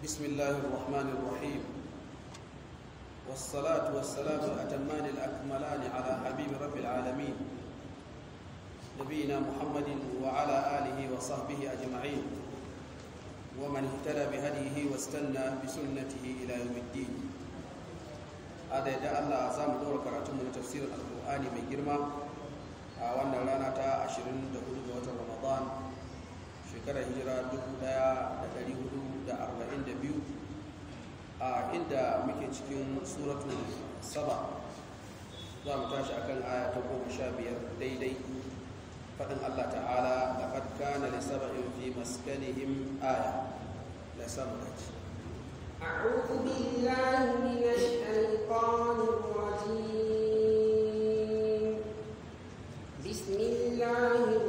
بسم الله الرحمن الرحيم والصلاة والسلام الأتمان الأكملان على حبيب رب العالمين نبينا محمد وعلى آله وصحبه أجمعين ومن اهتدى بهديه واستنى بسنته إلى يوم الدين هذا يدعى الله عزام دور كراتم من تفسير القرآن من جرمى وأن لنا تا عشرين دهود رمضان شكرا هجرة دهود دهود a inda muke cikin suratun saba za mu tashi akan aya ta goma sha biyar daidai faɗin allah ta'ala da fatka na lissaba'in fi maskanihim aya da samu daji أعوذ بالله من الشيطان الرجيم بسم الله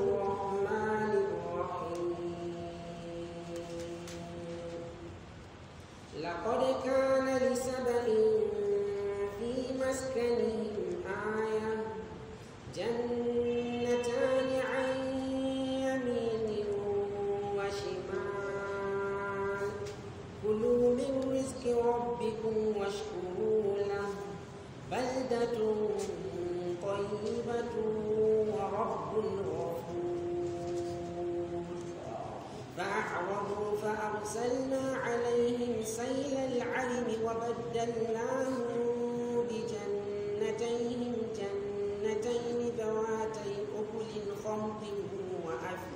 جنتان عن يمين وشمال كلوا من رزق ربكم واشكروا له بلدة طيبة ورب غفور فأعرضوا فأرسلنا عليهم سيل العلم وبدلناهم بجنتيهم جنة جنتين ذواتي أكل خمط وعفن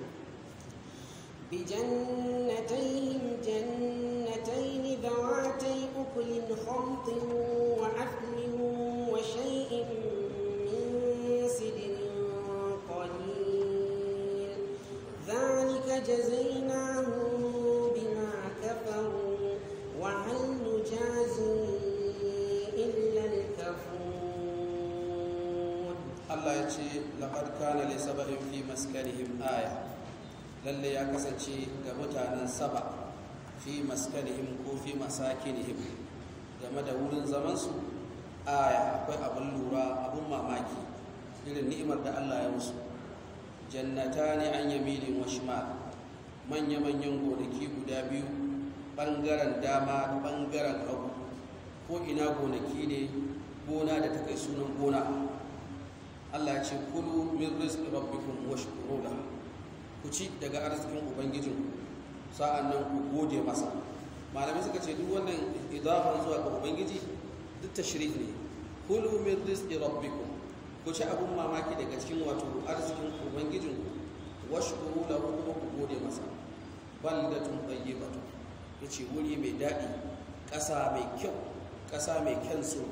بجنتين جنتين ذواتي أكل خمط وعفن وشيء من سدر قليل ذلك جزينا ce laƙar kana li saba'in fi maskanihim aya lalle ya kasance ga mutanen saba fi maskanihim ko fi masakinihim game da wurin zamansu aya akwai abin lura abin mamaki irin ni'imar da Allah ya musu jannata ne an yamilin wa shimal manya-manyan gonaki guda biyu ɓangaren dama bangaren ɓangaren hagu ko ina gonaki ne gona da ta kai sunan gona Allah ya ce kulu min rizqi rabbikum washkuru la ku ci daga arzikin ubangijin sa'an nan ku gode masa Malami suka ce duk wannan idafan zuwa ga ubangiji duk tashrih ne kulu min rizqi rabbikum ku ci abun mamaki daga cikin wato arzikin ubangijin washkuru la kuma ku gode masa baldatun tayyibatu yace wuri mai daɗi ƙasa mai kyau ƙasa mai kyansu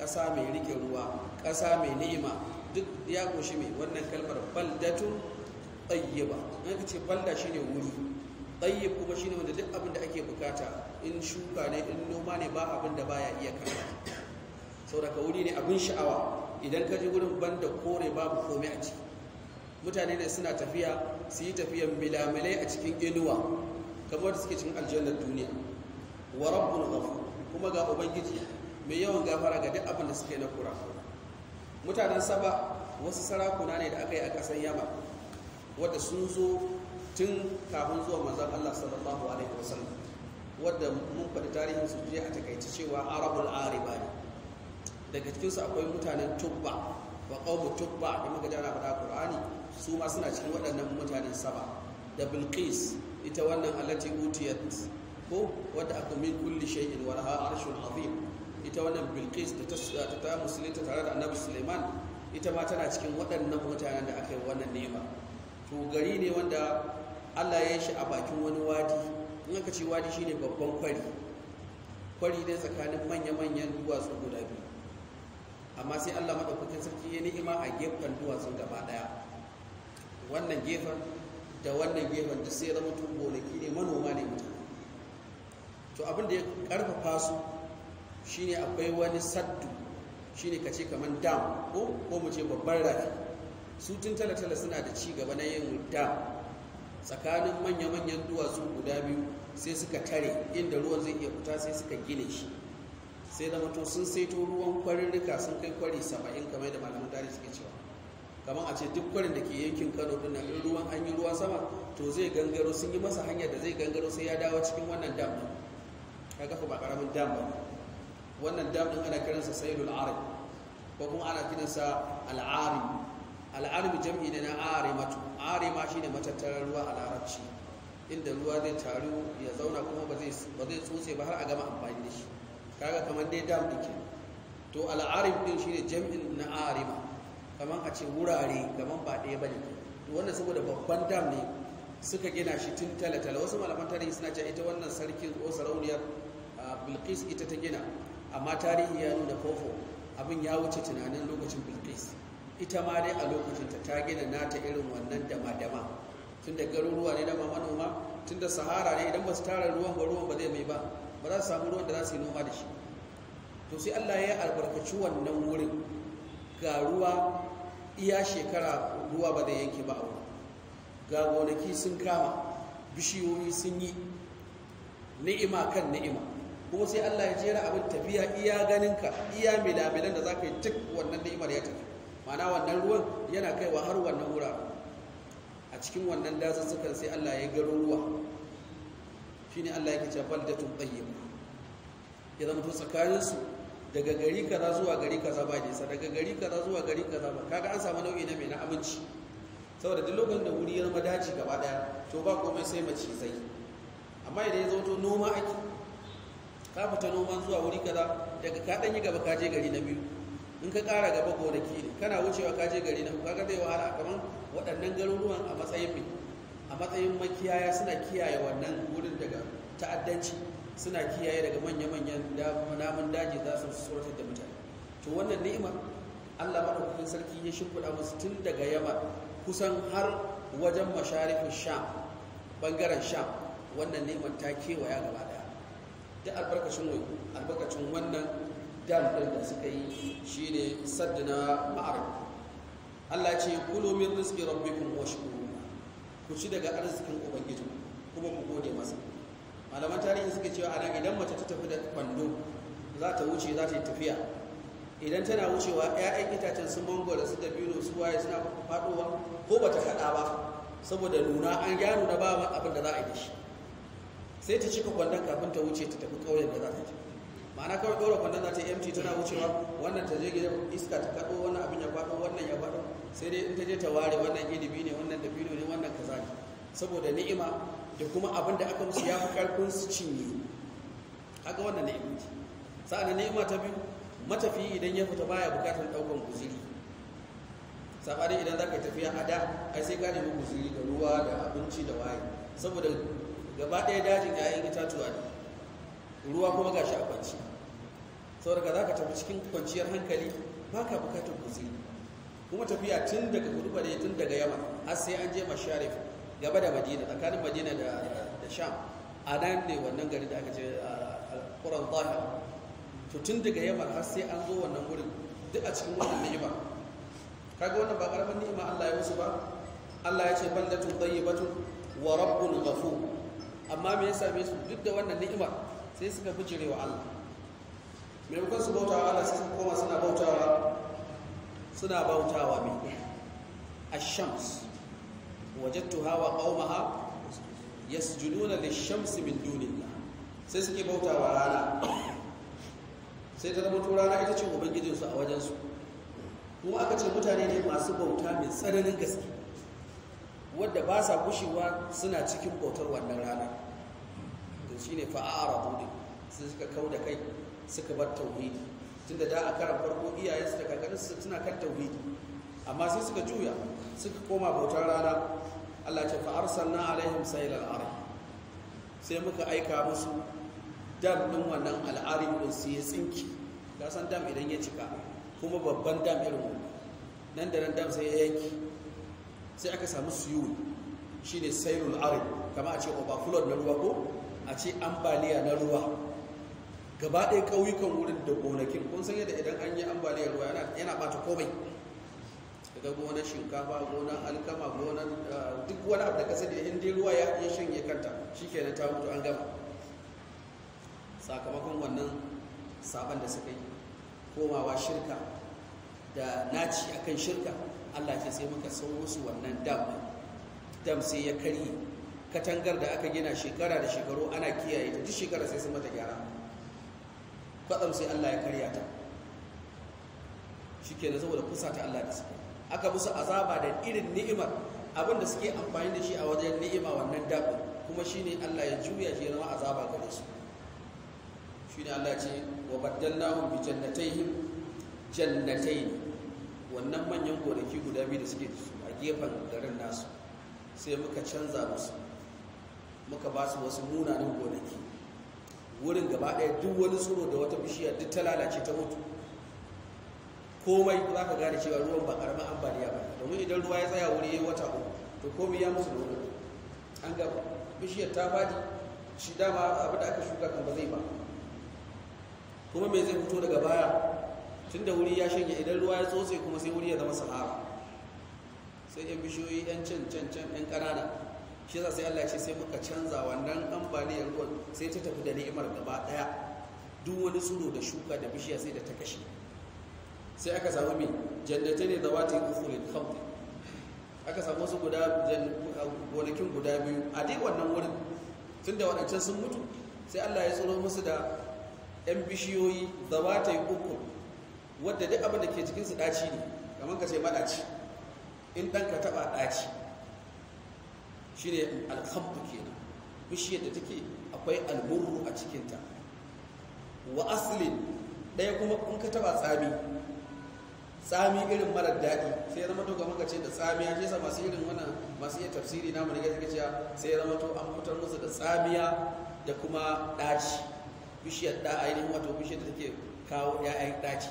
ƙasa mai rike ruwa ƙasa mai ni'ima duk ya ƙunshi mai wannan kalmar baldatun tayyiba in ka ce balda shine wuri tayyib kuma ne wanda duk abin da ake bukata in shuka ne in noma ne ba abin da baya iya kama saboda wuri ne abin sha'awa idan ka ji wurin banda kore babu komai a ciki mutane ne suna tafiya su yi tafiyan milamilai a cikin inuwa kamar da suke cikin aljannar duniya wa rabbul ghafur kuma ga ubangiji mai yawan gafara ga duk abin da suke na kura mutanen saba wasu sarakuna ne da aka yi a ƙasar yama wadda sun zo tun kafin zuwa manzan allah sallallahu alaihi wasallam wadda mun faɗi tarihin su je a takaici cewa arabul ariba ne daga cikinsu akwai mutanen tubba wa ƙaumu tubba da muka jana fada ƙur'ani su ma suna cikin waɗannan mutanen saba da bilqis ita wannan allati utiyat ko wadda aka min kulli shay'in wa laha ita wannan bilkis da ta ta musulunta tare da annabi suleiman ita ma tana cikin waɗannan mutanen da aka yi wannan nema to gari ne wanda allah ya yi shi a bakin wani wadi in aka ce wadi shine babban kwari kwari ne tsakanin manya-manyan duwatsu guda biyu amma sai allah maɗaukakin sarki ya ni'ima a gefen duwatsun gaba ɗaya wannan gefen da wannan gefen da sai zama tun gonaki ne manoma ne mutane to abin da ya ƙarfafa su shine akwai wani saddu shine kace kaman dam ko ko mu ce babban rafi su tun talatala suna da ci gaba na yin dam tsakanin manya-manyan duwatsu guda biyu sai suka tare inda ruwan zai iya fita sai suka gine shi sai zama to sun saito ruwan rika sun kai kwari saba'in kamar da malaman tarihi suke cewa kamar a ce duk kwarin da ke yankin kano din nan ruwan an yi ruwa sama to zai gangaro sun yi masa hanyar da zai gangaro sai ya dawo cikin wannan dam Ka ga ba karamin dam ba wannan dam ana kiransa sayidul arab ko kuma ana kiransa al'arim al'arim jam'i ne na arimatu arima shine matattarar ruwa a larabci inda ruwa zai taru ya zauna kuma ba zai tsotse ba har a gama amfani da shi kaga kamar dai dam ke. to al'arim din shine jam'in na arima kamar a ce wurare kamar ba ɗaya bane wannan saboda babban dam ne suka gina shi tun talatala wasu malaman tarihi suna cewa ita wannan sarkin ko sarauniyar ah, bilqis ita ta gina amma tarihi ya nuna fofo abin ya wuce tunanin lokacin bilkis ita ma dai a lokacin ta gina nata irin wannan dama-dama tun da garuruwa ne dama manoma tun da sahara ne idan ba su tara ruwan ba ruwan ba zai mai ba ba za su samu ruwan da za su yi noma da shi to sai allah ya albarkaci wannan wurin ga ruwa iya shekara ruwa ba zai yanke ba a ga gonaki sun kama bishiyoyi sun yi ni'ima kan ni'ima ko sai Allah ya jera abin tafiya iya ganinka iya milabilan da za ka yi cik wannan ni'imar ya tafi mana wannan ruwan yana kaiwa har wannan wura a cikin wannan dazuzzukan sai Allah ya gano ruwa ne Allah yake cewa baldatun tayyiba ya zama to tsakanin su daga gari kaza zuwa gari kaza ba nisa daga gari kaza zuwa gari kaza ba kaga an samu nau'i na mai na aminci saboda duk lokacin da wuri ya zama daji gaba daya to ba komai sai mace zai amma idan ya zo to noma ake ka fita noman zuwa wuri kaza daga ka danyi gaba ka je gari na biyu in ka kara gaba gonaki ne kana wucewa ka je gari na biyu kaga zai wahala kamar waɗannan garuruwan a matsayin mai a matsayin makiyaya suna kiyaye wannan wurin daga ta'addanci suna kiyaye daga manya-manyan namun daji za su tsoratar da mutane to wannan ni'ima Allah madaukakin sarki ya shimfiɗa musu tun daga yamma kusan har wajen masharifin sham bangaren sham wannan neman ta kewaya gaba ɗaya da albarkacin albarkacin wannan dam ɗin da suka yi shi ne saddana ma'arif Allah ce kulo min rizqi rabbikum washkuru ku ci daga arzikin ubangiji kuma ku gode masa malaman tarihi suka cewa a idan mace ta tafi da kwando za ta wuce za ta yi tafiya idan tana wucewa 'ya'yan itacen sun mangoro su da biro su waye suna faɗowa ko ba ta kaɗa ba saboda nuna an ya nuna ba abin da za a yi shi sai ta cika kwandon kafin ta wuce ta tafi ƙauyen da za ta yi ma'ana kawai ɗora kwandon za ta yi mt tana wucewa wannan ta je gidan iska ta kaɗo wannan abin ya faɗo wannan ya faɗo sai dai in ta je ta ware wannan ilimi ne wannan da ne wannan ka zaki saboda ni'ima da kuma abin da aka musu ya fi ƙarfin su cinye haka wannan ni'ima ce sa'an ni'ima ta biyu matafiyi idan ya fita baya buƙatar ɗaukar guziri safari idan za ka tafiya a da ai sai ka nemi guziri da ruwa da abinci da waye saboda gaba ɗaya dajin ‘ya'yan itatuwa ne ruwa kuma ga shi a kwanci saboda za ka tafi cikin kwanciyar hankali ba ka bukatar kuzi kuma tafiya tun daga gudubare tun daga yamma har sai an je masharif gaba da madina tsakanin madina da sham a nan ne wannan gari da aka ce alkuran zahar to tun daga yamma har sai an zo wannan wurin duk a cikin wannan ni'ima kaga wannan ba karamin ni'ima Allah ya musu ba Allah ya ce ba tun. wa rabbul ghafur amma me ya same su duk da wannan ni'imar sai suka jire wa Allah maimakon su bautawa Allah sai suka koma suna bautawa suna bautawa mai ash-shams wajadtuha wa qaumaha yasjuduna lish-shamsi min dunillah sai suke bautawa rana sai ta zama rana ita ce ubangijinsu a wajensu kuma aka ce mutane ne masu bauta mai tsananin gaske wadda ba sa gushewa suna cikin bautar wannan rana shi ne fa’ara a'radu su suka kau da kai suka bar tauhidi tunda da a karan farko iyayen su da kakannin su suna kan tauhidi amma sai suka juya suka koma bautar rana Allah ce fa'ar sannan alaihim saylal arih sai muka aika musu dam ɗin wannan al’ari din su ya tsinki ga san dam idan ya cika kuma babban dam irin nan da nan dam sai ya yanki sai aka samu shi ne saylul arih kama a ce overflow na ruwa ko a ce ambaliya na ruwa gaba ɗaya ƙauyukan wurin da gonakin kun san yadda idan an yi ambaliya ruwa yana ɓata komai daga gonar shinkafa gonar alkama gonar eh, duk wani abu da kasa da inda ruwa ya shanye kanta shi kenan ta mutu an gama sakamakon wannan sabon da suka yi komawa shirka da naci akan shirka allah ce sai muka sau musu wannan dam dam sai ya karye katangar da aka gina shekara da shekaru ana kiyaye ta duk shekara sai sun mata gyara kwatsam sai Allah ya karya ta na saboda kusa ta Allah da su aka musu azaba da irin ni'imar abinda suke amfani da shi a wajen ni'ima wannan dabin kuma shi ne Allah ya juya shi yana azaba gare su ne Allah ce wa baddalnahum bi jannatai jannatayn wannan manyan gonaki guda biyu da suke a gefen garin nasu sai muka canza musu muka ba su wasu munanan gonaki wurin gaba ɗaya duk wani tsoro da wata bishiya duk ta lalace ta mutu komai za ka gane cewa ruwan ba ƙaramin ambaliya ba domin idan ruwa ya tsaya wuri ya wata uku to komai ya musu nuna an ga bishiyar ta fadi shi dama abu da aka shuka kan ba zai ba kuma me zai fito daga baya tun da wuri ya shanye idan ruwa ya tsotse kuma sai wuri ya zama sahara sai yan bishiyoyi yan can can can yan ƙanana shi za sai Allah ya ce sai muka canza wannan ambaliyar ruwan sai ta tafi da ni'imar gaba daya duk wani tsuro da shuka da bishiya sai da ta kashe sai aka samu mai jandata ne da wata kufurin khamr aka samu wasu guda gonakin guda biyu a dai wannan wurin da wadancan sun mutu sai Allah ya tsoro musu da yan bishiyoyi da wata uku wadda duk abin da ke cikinsu ɗaci daci ne kamar ka ce maɗaci, in ɗanka ka taba daci ne shine ke nan bishiyar da take akwai almurru a cikinta wa asali ɗaya kuma in ka taba tsami tsami irin marar daɗi sai ya zama to kamar ka ce da tsamiya ce sa masu irin wannan masu iya tafsiri na ne gaskiya cewa sai ya zama to an fitar musu da tsamiya da kuma ɗaci bishiyar da ainihin wato bishiyar da take kawo ya'yan ɗaci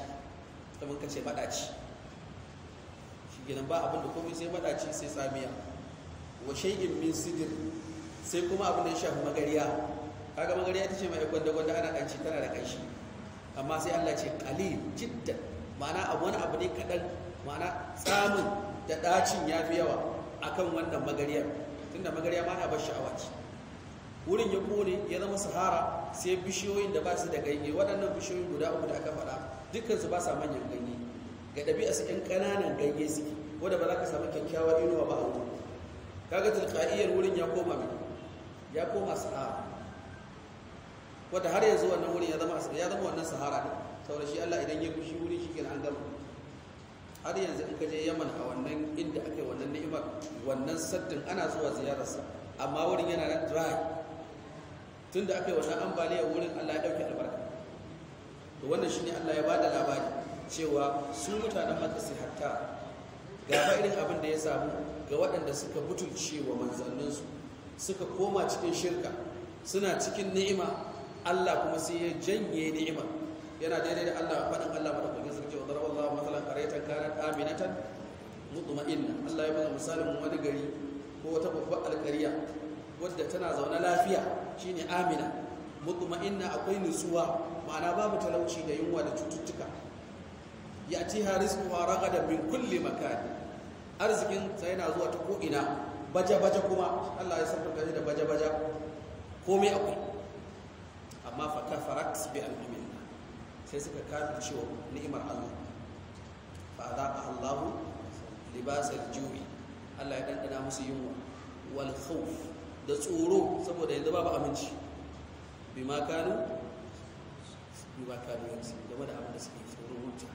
mun ka ce maɗaci shi gidan ba abin da komai sai maɗaci sai tsamiya wa shay'in min sidir sai kuma abin da ya shafi magariya kaga magariya ta ce mai kwanda kwanda ana kanci tana da kanshi amma sai Allah ce qalil jiddan ma'ana abu wani abu ne kadan ma'ana tsamin da dacin yafi yawa akan wannan magariya tunda magariya ma na bar sha'awa ce wurin ya kone ya zama sahara sai bishiyoyin da ba su da ganye waɗannan bishiyoyin guda uku da aka faɗa dukkansu ba sa manyan ganye ga ɗabi'a su ƴan ƙananan ganye suke wanda ba za ka samu kyakkyawar inuwa ba a wurin kaga tilqa'iyyar wurin ya koma mai ya koma sahara wanda har yanzu wannan wurin ya zama ya zama wannan sahara din saboda shi Allah idan ya gushi wurin shi kenan an gama har yanzu in ka je Yaman a wannan inda ake wannan ni'imar wannan saddin ana zuwa ziyararsa amma wurin yana nan dry tunda aka yi wannan ambaliya wurin Allah ya dauke albarka to wannan shine Allah ya bada labari cewa su mutanen Makka sai hatta ga irin abin da ya samu ga waɗanda suka butulce wa manzanninsu suka koma cikin shirka suna cikin ni'ima Allah kuma sai ya janye ni'ima yana daidai da Allah faɗin Allah madaukakin sarki wa daraballahu mathalan qaryatan kanat aminatan inna. Allah ya bada misalin wani gari ko wata babbar alƙarya wadda tana zaune lafiya shine amina inna, akwai nutsuwa ma'ana babu talauci da yunwa da cututtuka ya'tiha rizquha ragadan min kulli makan sai yana zuwa ta ko'ina baja-baja kuma allah ya sabar da baja-baja komai akwai amma fata farax bi al'umin sai suka kafin cewa ni'imar allah Ba za a allahu libasar juwi allah ya dandana musu yunwa wal khawf da tsoro saboda yanzu babu aminci bi ma kanu bi ma kanu yanzu game da abin da suke tsoro wuta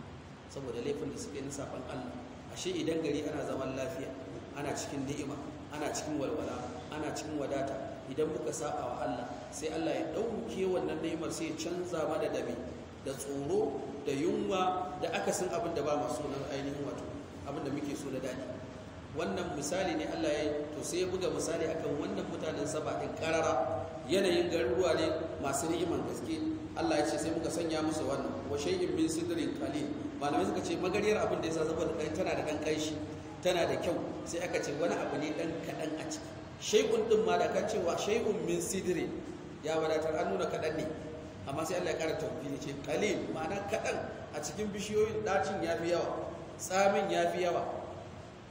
saboda laifin da suke na saban allah ashe idan gari ana zaman lafiya ana cikin ni'ima ana cikin walwala ana cikin wadata idan muka saba wa Allah sai Allah ya dauke wannan ni'imar sai ya canza mana da dabi, da tsoro da yunwa da akasin abin da ba masu nan ainihin wato abin da muke so da dadi wannan misali ne Allah ya to sai ya buga misali akan wannan mutanen saba din karara yanayin garuruwa ne masu ni'imar gaske Allah ya ce sai muka sanya musu wannan wa shay'in min sidrin qalil malamai suka ce magariyar abin da sa saboda dan tana da dan tana da kyau sai aka ce wani abu ne dan kadan a ciki Shaikun din ma da kan cewa shaikun min sidire ya wadatar an nuna kadan ne amma sai Allah ya kara ya ce qalil ma'ana kadan a cikin bishiyoyin dacin fi yawa tsamin ya fi yawa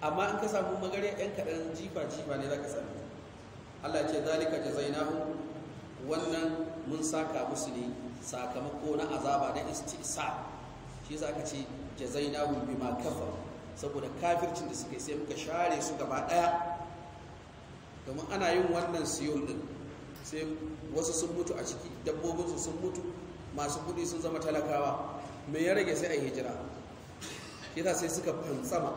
amma in ka samu magariyar yan kadan jifa jifa ne zaka samu Allah ce zalika jazainahu wannan mun saka musu ne sakamako na azaba na istisa shi yasa aka ce jazainahum ma kafar saboda kafircin da suka yi sai muka share su gaba daya domin ana yin wannan siyon din sai wasu sun mutu a ciki dabbobinsu sun mutu masu kudi sun zama talakawa mai ya rage sai a hijira yasa sai suka fantsama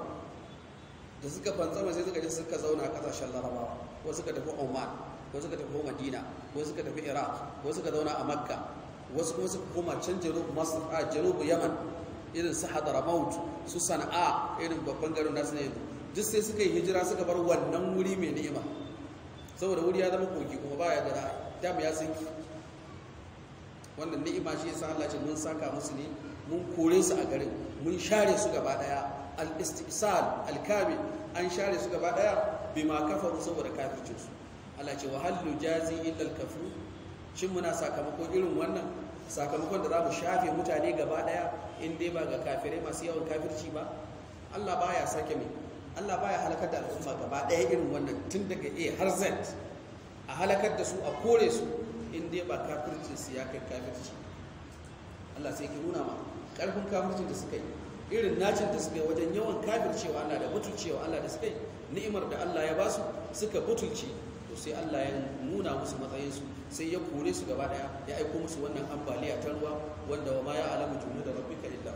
da suka fantsama sai suka je suka zauna a kasashen larabawa wasu suka tafi oman wasu suka tafi madina wasu suka tafi iraq wasu suka zauna a makka wasu kuma suka koma can janubu masar a jerobu yaman irin su hadramaut su sana'a irin babban garin nasu ne duk sai suka yi hijira suka bar wannan wuri mai ni'ima saboda wuri ya zama kogi kuma ba ya da ta dam ya sinki wannan ni'ima shi yasa Allah ce mun saka musu ne mun kore su a garin mun share su gaba daya al-istisal al-kamil an share su gaba daya bima kafaru saboda kafircin su Allah ce wa hallu jazi illa al kafur shin muna sakamako irin wannan sakamakon da za mu shafe mutane gaba daya in dai ba ga kafirai masu yawan kafirci ba Allah ba ya sake mai Allah ba ya halakar da al'umma gaba daya irin wannan tun daga A har Z a halakar da su a kore su in dai ba kafircin su ya kai kafirci Allah sai ki nuna ma karfin kafircin da suka yi irin nacin da suka yi wajen yawan kafircewa Allah da butulcewa Allah da suka yi ni'imar da Allah ya ba su suka butulce to sai Allah ya nuna musu matsayinsu sai ya kore su gaba daya ya aiko musu wannan ambaliya ta ruwa wanda wa ma ya alamu da rabbika illa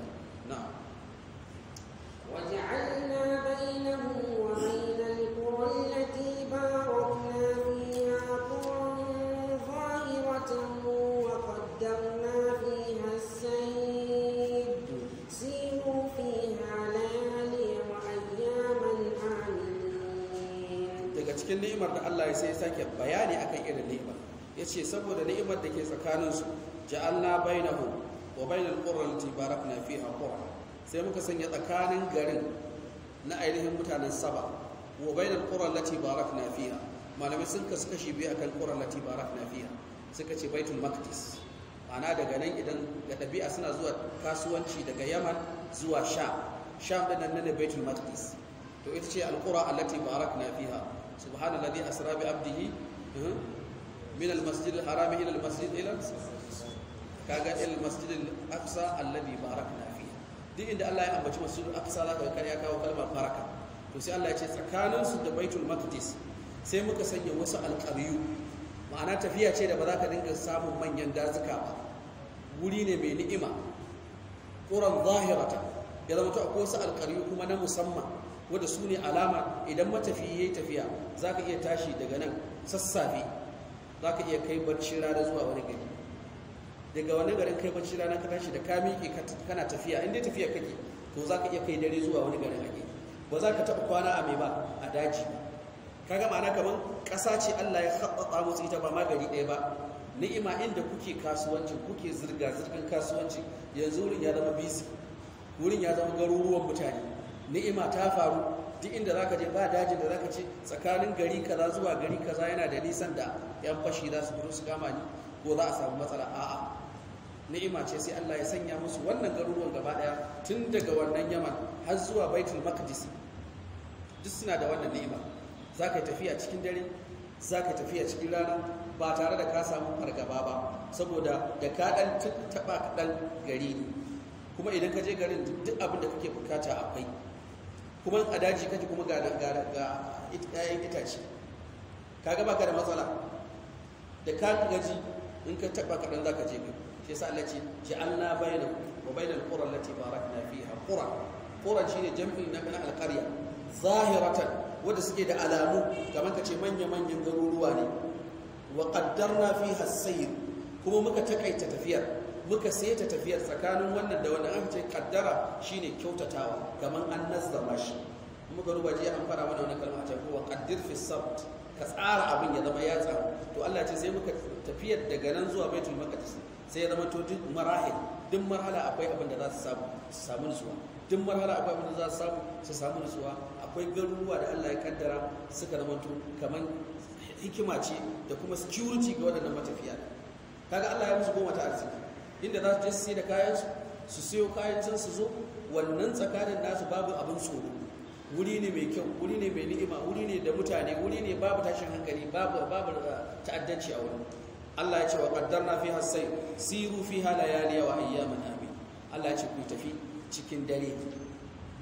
sake bayani akan irin ni'imar yace saboda ni'imar da ke tsakanin su ja'alna bainahu wa bainal qura allati barakna fiha qura sai muka sanya tsakanin garin na ainihin mutanen saba wa bainal qura allati barakna fiha malamai sun kasu kashi biyu akan qura allati barakna fiha suka ce baitul maqdis ana daga nan idan ga ɗabi'a suna zuwa kasuwanci daga yaman zuwa sham sham da nan ne baitul maqdis to ita ce alqura allati barakna fiha subhanallazi asra bi abdihi min al-masjidin almasjid alharam ila almasjid ila kaga ila almasjid alaqsa alladhi barakna fihi duk inda Allah ya ambaci masjid alaqsa za ka ya kawo kalmar baraka to sai Allah ya ce tsakanin su da baitul maqdis sai muka sanya wasu alqariyu ma'ana tafiya ce da ba za ka dinga samun manyan dazuka ba wuri ne mai ni'ima ƙuran zahirata ya zama ta akwai wasu alƙariyu kuma na musamman wadda su ne alama idan matafiya ya yi tafiya za ka iya tashi daga nan sassafe za ka iya kai barci rana zuwa wani gari daga wani garin kai barci rana ka tashi da ka miƙe kana tafiya inda tafiya kake to za ka iya kai dare zuwa wani garin ake ba za ka taɓa kwana a mai ba a daji ka ga ma'ana kamar ƙasa ce allah ya haɓaɓa musu ita ba ma gari ɗaya ba ni'ima inda kuke kasuwanci kuke zirga-zirgar kasuwanci yanzu wurin ya zama bisi wurin ya zama garuruwan mutane ni'ima ta faru duk inda za ka je ba dajin da za ka ce tsakanin gari kaza zuwa gari kaza yana da nisan da 'yan fashi za su gudu su kama ni ko za a samu matsala a'a ni'ima ce sai Allah ya sanya musu wannan garuruwan gaba daya tun daga wannan yaman har zuwa baitul maqdis duk suna da wannan ni'ima za ka tafiya cikin dare za ka tafiya cikin rana ba tare da ka samu fargaba ba saboda da ka dan taɓa kaɗan gari kuma idan ka je garin duk abin da kake bukata akwai kuma a daji kake kuma ga ƴaƴan itace ka gaba ka da matsala da ka gaji in ka taɓa kaɗan za ka je ka shi yasa Allah ce na bayanan wa bainal qura na barakna fiha ƙoran. shi shine jam'i na kana alqarya zahiratan wanda suke da alamu kamar ka ce manya manyan garuruwa ne wa na fi ha sayr kuma muka takaita tafiyar muka seta tafiyar tsakanin wannan da wannan aka ce kaddara shine kyautatawa kaman an nazzama shi muka ruba jiya an fara mana wannan kalma ta kowa qaddir fi sabt ka tsara abin ya zama ya tsara to Allah ce sai muka tafiyar daga nan zuwa baitul maqdis sai ya zama to duk marahil duk marhala akwai abin da za su samu su samu nutsuwa duk marhala akwai abin da za su samu su samu nutsuwa akwai garuruwa da Allah ya kaddara suka zama to kaman hikima ce da kuma security ga wadannan matafiya kaga Allah ya musu goma ta arziki inda za su je su sai da kayansu su siyo kayan can su zo wannan tsakanin nasu babu abin tsoro wuri ne mai kyau wuri ne mai ni'ima wuri ne da mutane wuri ne babu tashin hankali babu babu uh, ta'addanci a wurin Allah ya ce wa qaddarna fiha sayr siru fiha layali wa ayyaman amin Allah ya ce ku tafi cikin dare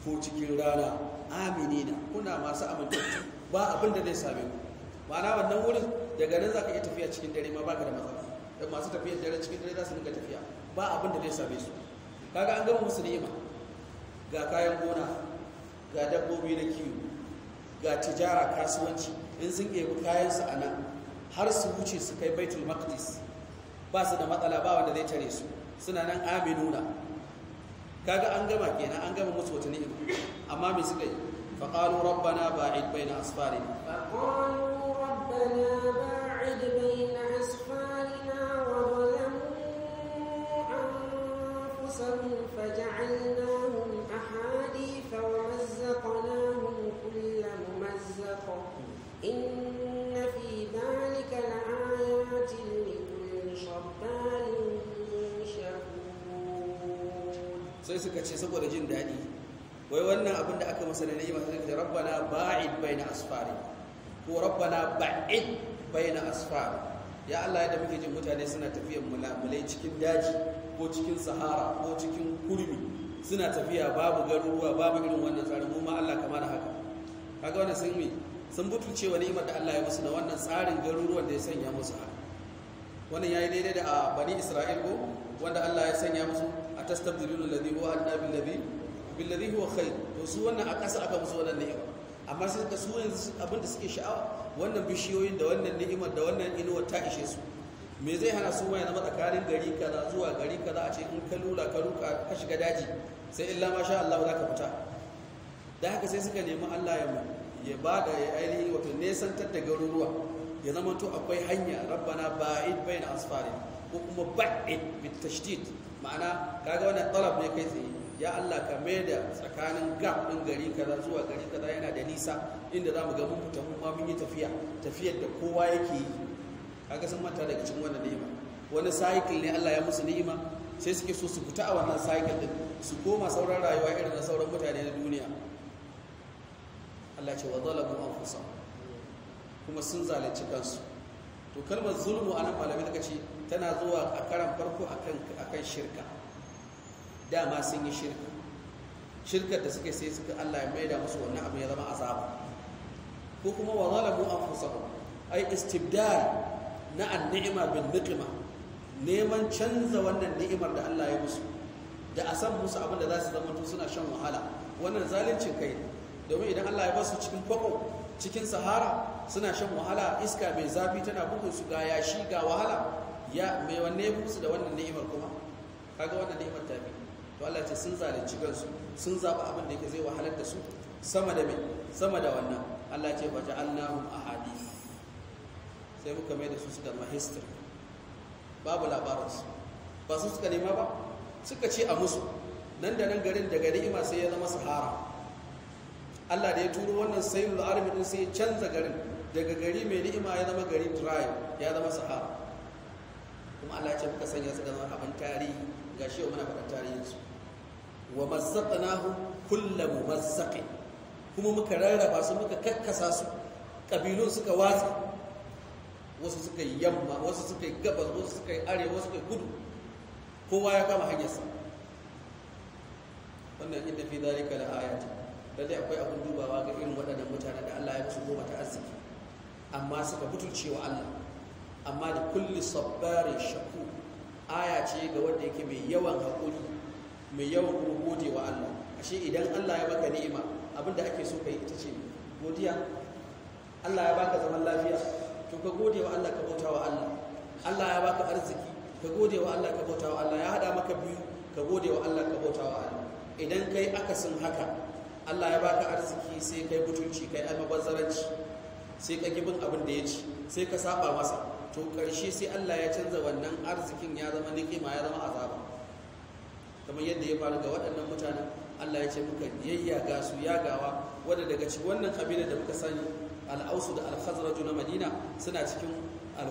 ko cikin rana aminina kuna masu amintattu ba abin da zai same ku ma'ana wannan wurin daga nan zaka iya tafiya cikin dare ma baka da matsala da masu tafiyar dare cikin dare za su dinga tafiya ba abin da zai same su kaga an gama musu ni'ima ga kayan gona ga dabbobi na kiwo ga tijara kasuwanci in sun ɗebi su a nan har su wuce su kai baitul maqdis ba su da matsala ba wanda zai tare su suna nan aminuna kaga an gama kenan an gama musu wata ni'ima amma me suka yi rabbana ba'id باعد asfarina fa qalu rabbana ba'id بين أبصروا فجعلناهم أحاديث ومزقناهم كل ممزق إن في ذلك لآيات لكل صبار شكور sai suka ce saboda jin daɗi wai wannan abin da aka masa da ni'ima sai ka rabbana ba'id baina asfari ko rabbana ba'id baina asfari ya Allah da muke jin mutane suna tafiyan mulai cikin daji ko cikin sahara ko cikin kurmi suna tafiya babu garuruwa babu irin wannan tsarin mu ma Allah kama da haka kaga wannan sun mi sun butulce wa ni'imar da Allah ya musu da wannan tsarin garuruwan da ya sanya musu haka wannan yayi daidai da a bani Isra'il ko wanda Allah ya sanya musu a tastabdilul ladhi huwa adna bil ladhi bil ladhi huwa khair to su wannan a aka musu wannan ni'ima amma sai ka su yanzu abinda suke sha'awa wannan bishiyoyin da wannan ni'imar da wannan inuwar ta ishe su me zai hana su ma ya zama tsakanin gari kaza zuwa gari kaza a ce in ka lula ka ruka ka shiga daji sai illa ma sha Allah za ka fita da haka sai suka nemi Allah ya ya bada ya ainihi wato nesantar da garuruwa ya zama to akwai hanya rabbana ba'id bayna asfari ko kuma ba'id bit tashdid ma'ana kaga wannan talab ne kai tsaye ya Allah ka mai da tsakanin gap din gari kaza zuwa gari kaza yana da nisa inda za mu ga mun fita mun mun yi tafiya tafiyar da kowa yake yi kaga san mata daga cikin wannan ni'ima wani cycle ne Allah ya musu ni'ima sai suke so su fita a wannan cycle din su koma sauran rayuwa irin na sauran mutane na duniya Allah ce wa zalamu anfusahum kuma sun zalunci kansu to kalmar zulmu nan malamai suka ce tana zuwa a karan farko akan akan shirka dama sun yi shirka shirkar da suke sai suka Allah ya maida musu wannan abu ya zama azaba ko kuma wa zalamu anfusahum ai istibdal na anni'ima bin nikima neman canza wannan ni'imar da Allah ya musu da a san musu abin da za su zama suna shan wahala wannan zalincin kai ne domin idan Allah ya ba su cikin kwakwa cikin sahara suna shan wahala iska mai zafi tana bugun su ga yashi ga wahala ya mai wanne musu da wannan ni'imar kuma kaga wannan ni'imar ta bi to Allah ce sun zalunci kansu sun zaba abin da yake zai wahalar da su sama da mai sama da wannan Allah ce fa ja'alnahum ahadith sai muka mai da su suka ma history babu labaransu ba su suka nema ba suka ce a musu nan da nan garin daga ni'ima sai ya zama sahara Allah da ya turo wannan sailul army din sai ya canza garin daga gari mai ni'ima ya zama gari dry ya zama sahara kuma Allah ya ce muka sanya su ga zama abin tarihi ga shi muna faɗin tarihinsu wa mazzaqnahu kullu mumazzaqin kuma muka rarraba su muka kakkasa su kabilun suka watsa wasu suka yi yamma wasu suka yi gabas wasu suka yi arewa wasu suka yi gudu. kowa ya kama hanyarsa wannan inda fi zalika la ayati lalle akwai abin dubawa ga irin waɗannan mutane da Allah ya musu goma ta arziki amma suka butulce wa Allah amma da kulli sabbarin shaku aya ce ga wanda yake mai yawan haƙuri mai yawan kuma gode wa Allah ashe idan Allah ya baka ni'ima abinda ake so ka yi ita ce godiya Allah ya baka zaman lafiya to ka gode wa Allah ka bauta wa Allah Allah ya baka arziki ka gode wa Allah ka bauta wa Allah ya hada maka biyu ka gode wa Allah ka bauta wa Allah idan kai akasin haka Allah ya baka arziki sai kai butulci kai almabazzaranci sai ka gibin abin da ya ci sai ka saba masa to karshe sai Allah ya canza wannan arzikin ya zama nikima ya zama azaba kamar yadda ya faru ga waɗannan mutanen Allah ya ce muka yayyaga su yagawa wanda daga ci, wannan kabila da muka sani al'ausu da al-khazraju na madina suna cikin al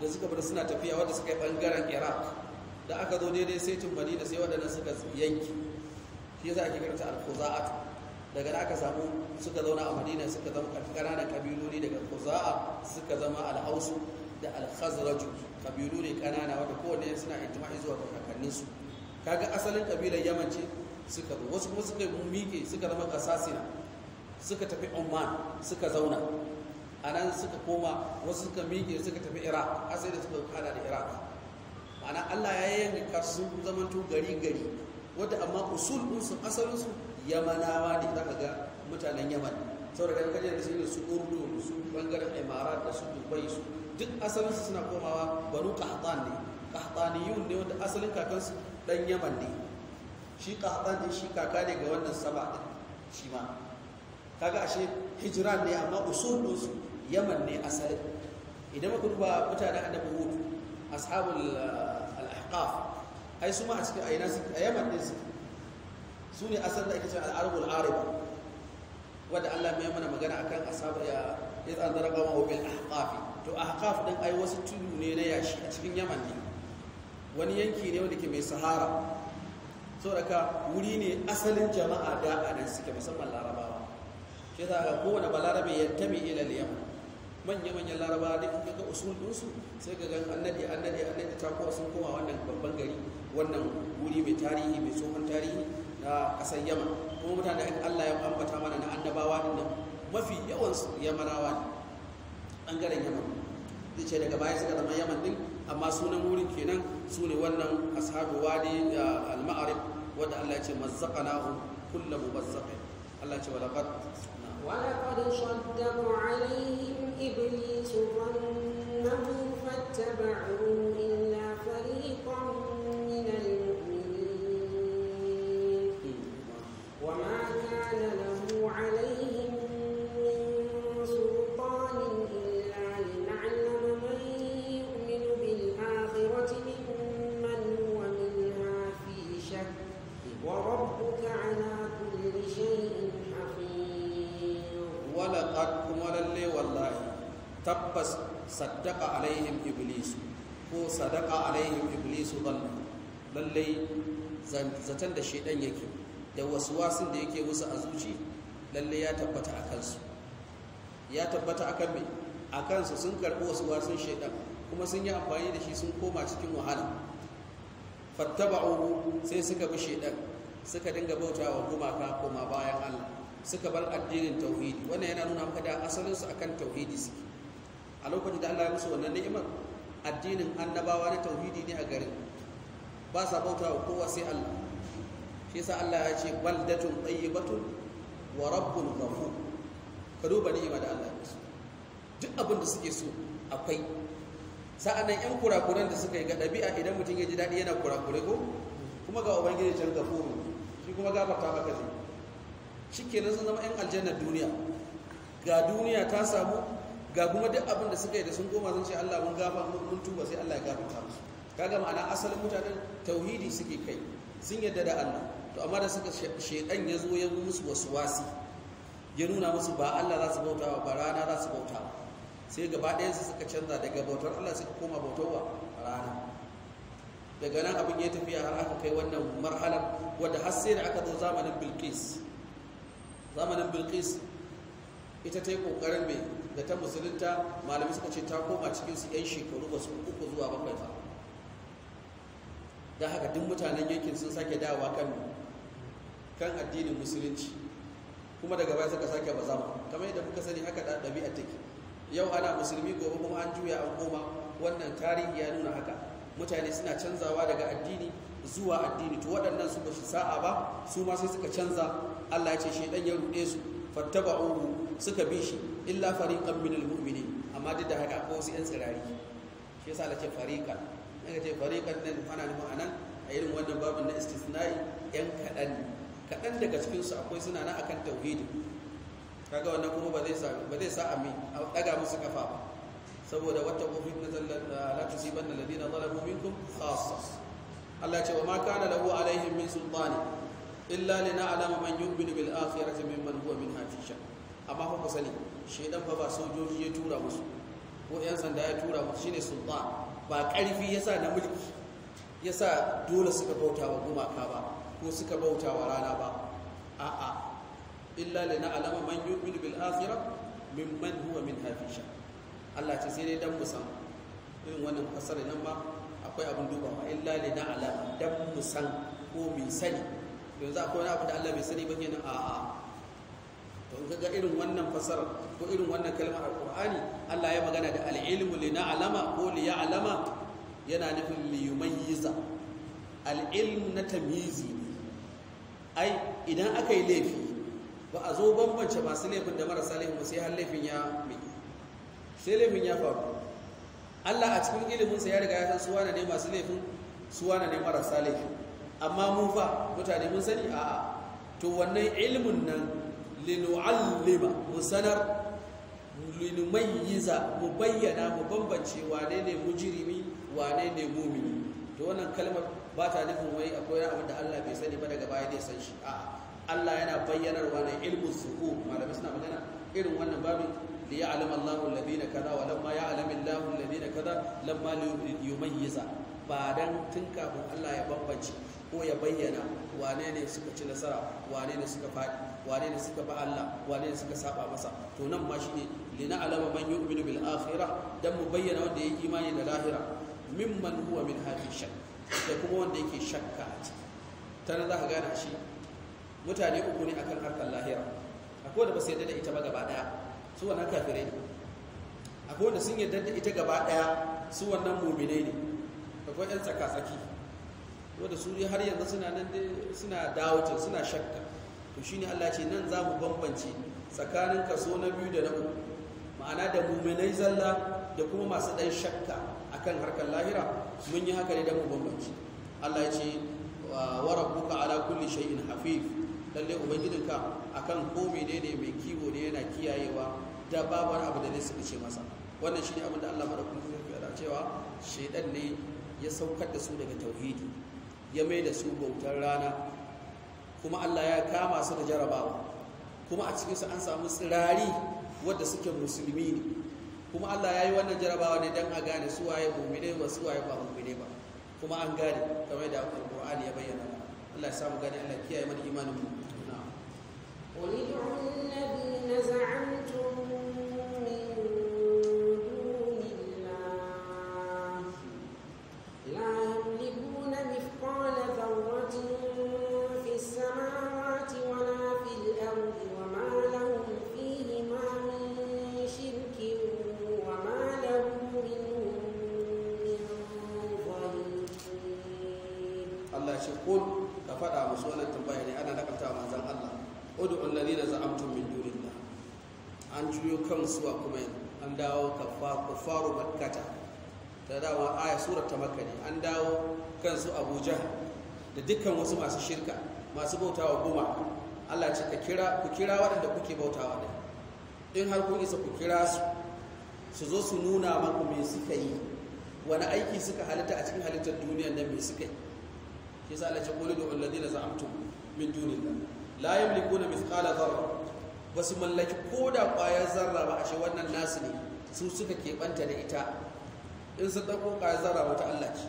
da suka bar suna tafiya wanda suka yi ɓangaren iraq da aka zo daidai saitin madina sai waɗannan suka yanki shi yasa ake karanta al-khuza'atu daga da aka samu suka zauna a madina suka zama ƙananan ƙabiloli daga khuza'a suka zama al da al ƙabiloli ƙanana wanda kowane suna intima'i zuwa ga kakanninsu kaga asalin kabilar yaman ce suka zo wasu kuma suka miƙe suka zama kasasina suka tafi Oman suka zauna a nan suka koma wasu suka miƙe suka tafi Iraq a sai da suka kada da Iraq ma'ana Allah ya yanka su zamanto gari gari wadda amma usul din su asalin yamanawa ne zaka ga mutanen Yaman saboda kan kajiyar da su su Urdu su bangaren imara da su Dubai su duk asalinsu suna komawa baru kahatan ne Qahtaniyun ne wanda asalin kakansu dan Yaman ne shi kahatan din shi kaka ne ga wannan saba shi ma kaga ashe hijran ne amma usulun su yaman ne asali idan muka duba mutanen annabi hud ashabul uh, al-ahqaf ai suma a cikin ayyana su a yaman din su su ne asal da ake cewa al-arabul ariba wanda Allah mai mana magana akan ashabu ya ya tsandara qawmu bil ahqafi to ahqaf din ai wasu tudu ne na yashi a cikin yaman din. wani yanki ne wanda ke mai sahara saboda ka wuri ne asalin jama'a da anan suke musamman laraba shi za a kowane balarabe ya tabi ila liyaman manya-manyan laraba da kuka ga usul dinsu sai ga gan annadi annadi annadi ta kowa sun koma wannan babban gari wannan wuri mai tarihi mai tsohon tarihi na ƙasar yamma kuma mutane allah ya ambata mana na annabawa din nan mafi yawan su yamanawa ne ɓangaren yamma zai ce daga baya suka zama yamma din amma sunan wurin kenan su ne wannan ashabu wadi al-ma'arib wanda allah ya ce mazzaqanahum kullu mubazzaqin allah ya ce walaqad ولقد صدق عليهم إبليس ظنه فاتبعوه saddaka alaihim iblis ko sadaka alaihim iblis dhanna lallai zaton da shedan yake da waswasin da yake musu a zuci lallai ya tabbata a kansu ya tabbata a kan me a kansu sun karɓi waswasin shedan kuma sun yi amfani da shi sun koma cikin wahala fattaba'uhu sai suka bi shedan suka dinga bautawa gumaka koma bayan Allah suka bar addinin tauhidi wannan yana nuna maka da asalinsu akan tauhidi suke a lokacin da Allah ya musu wannan ni'imar addinin annabawa na tauhidi ne a garin ba sa bauta wa kowa sai Allah shi yasa Allah ya ce baldatun tayyibatun wa rabbul ghafur ka duba ni'ima da Allah ya musu duk abin da suke so akwai sa'annan yan kurakuran da suka yi ga ɗabi'a idan mutum ya ji daɗi yana kurakure ko kuma ga ubangiji can gafuru shi kuma gafarta maka shi kenan sun zama yan aljannar duniya ga duniya ta samu ga kuma duk abin da suka yi da sun koma sun ce Allah mun gafa mun tuba sai Allah ya gafarta musu kaga ma'ana asalin mutanen tauhidi suke kai sun yadda da Allah to amma da suka shedan ya zo ya zo musu wasi ya nuna musu ba Allah za su bauta ba rana za su bauta sai gaba ɗayan su suka canza daga bautar Allah suka koma bautarwa rana daga nan abin ya tafiya har aka kai wannan marhalar wadda har sai da aka zo zamanin Bilqis zamanin Bilqis ita ta yi kokarin mai da ta musulunta malamai suka ce ta koma cikin su yan shekaru ba su uku zuwa bakwai ba da haka duk mutanen yankin sun sake dawa kan kan addinin musulunci kuma daga baya suka sake ba zama kamar yadda muka sani haka da ɗabi'a take yau ana musulmi gobe kuma an juya an koma wannan tarihi ya nuna haka mutane suna canzawa daga addini zuwa addini to waɗannan su ba shi sa'a ba su ma sai suka canza Allah ya ce shedan ya ruɗe su fattaba'uhu suka bi shi illa fariƙan min almu'minin amma duk da haka ko wasu yan tsirari shi yasa lace fariƙa. in ka ce fariqan nan ana nufin anan a irin wannan babin na istisna'i yan kaɗan kaɗan daga cikin su akwai suna nan akan tauhidi kaga wannan kuma ba zai sa ba zai sa amin a daga musu kafa ba saboda wata kofin na zallar la tusibanna alladhina zalamu minkum khassa Allah ce wa ma kana lahu alaihim min sultani illa alama man yu'minu bil akhirati mimman huwa minha fi shakk amma ku sani shedan fa ba sojoji ya tura musu ko yan sanda ya tura musu shine sulta ba karfi yasa na mulki yasa dole suka bauta wa gumaka ba ko suka bauta wa rana ba a'a illa lana alama man yu'minu bil akhirah mimman huwa min hafisha Allah ce sai dai dan musan irin wannan kasar nan ba akwai abin ma illa lana alama dan musan ko min sani yanzu akwai wani abu da Allah bai sani ba kenan a'a to kaga irin wannan fasara ko irin wannan kalmar alqur'ani Allah ya magana da al-ilmu li na'lama ko li ya'lama yana nufin li yumayyiza al-ilm na tamyizi ai idan aka yi laifi ba a zo bambance masu laifin da marasa laifin ba sai har laifin ya miki sai laifin ya faru Allah a cikin sa ya riga ya san suwa ne masu laifin suwa ne marasa laifin amma mu fa mutane mun sani a'a to wannan ilimin nan linu'allima mu sanar linumayyiza mu bayyana mu bambance wane ne mujrimi wane ne mumini to wannan kalmar ba ta nufin wai akwai abin da Allah bai sani ba daga baya zai san shi a'a Allah yana bayyanarwa ne ilmu suhu malamai suna magana irin wannan babin da ya alama Allah alladhina kaza wa lamma ya alama Allah alladhina kaza lamma yumayyiza ba dan tun kafin Allah ya bambance ko ya bayyana wane ne suka ci nasara wane ne suka faɗi wane ne suka ba Allah wane ne suka saba masa to nan ma shine lina alama man yu'minu bil akhirah dan mu bayyana wanda yake imani da lahira mimman huwa min hadhihi shak da kuma wanda yake shakka a ciki tare za ka gane shi mutane uku ne akan harkar lahira akwai da ba su yarda da ita ba gaba daya su wannan kafirai ne akwai wanda sun yarda da ita gaba daya su wannan mu'minai ne akwai yan tsaka tsaki wanda su har yanzu suna nan suna dawo suna shakka to shine Allah ce nan za mu bambance tsakanin kaso na biyu da na uku ma'ana da muminai zalla da kuma masu ɗan shakka akan harkar lahira mun yi haka ne da mu bambance Allah ya ce wa rabbuka ala kulli shay'in hafiz lalle ubangijinka akan ko ne ne mai kiwo ne yana kiyayewa da babar abu da ne suka ce masa wannan shine abin da Allah madaukakin sarki ya cewa shedan ne ya saukar da su daga tauhidi ya mai da su bautar rana kuma Allah ya kama su da jarabawa kuma a cikinsu an samu tsirari wadda suke musulmi ne kuma Allah ya yi wannan jarabawa ne don a gane su waye mummune ba su waye ba mummune ba kuma an gane kamar da al ya bayyana Allah ya samu gane Allah kiyaye mana imanin mu na'am qul gamsuwa kuma yanzu an dawo faru makkata ta dama aya surar ta makka an dawo kansu abuja da dukkan wasu masu shirka masu bautawa goma allah ce ku kira waɗanda kuke bautawa ne in har kun isa ku kira su su zo su nuna maku me suka yi wani aiki suka halitta a cikin halittar duniya nan me suka yi shi sa allah ce qul du'u ladina za'amtu min duniya la mai mithqala dharra ba su mallaki ko da ƙwayar zarra ba ashe wannan nasu ne su suka keɓanta da ita in sun ɗauko ƙwayar zarra wata Allah ce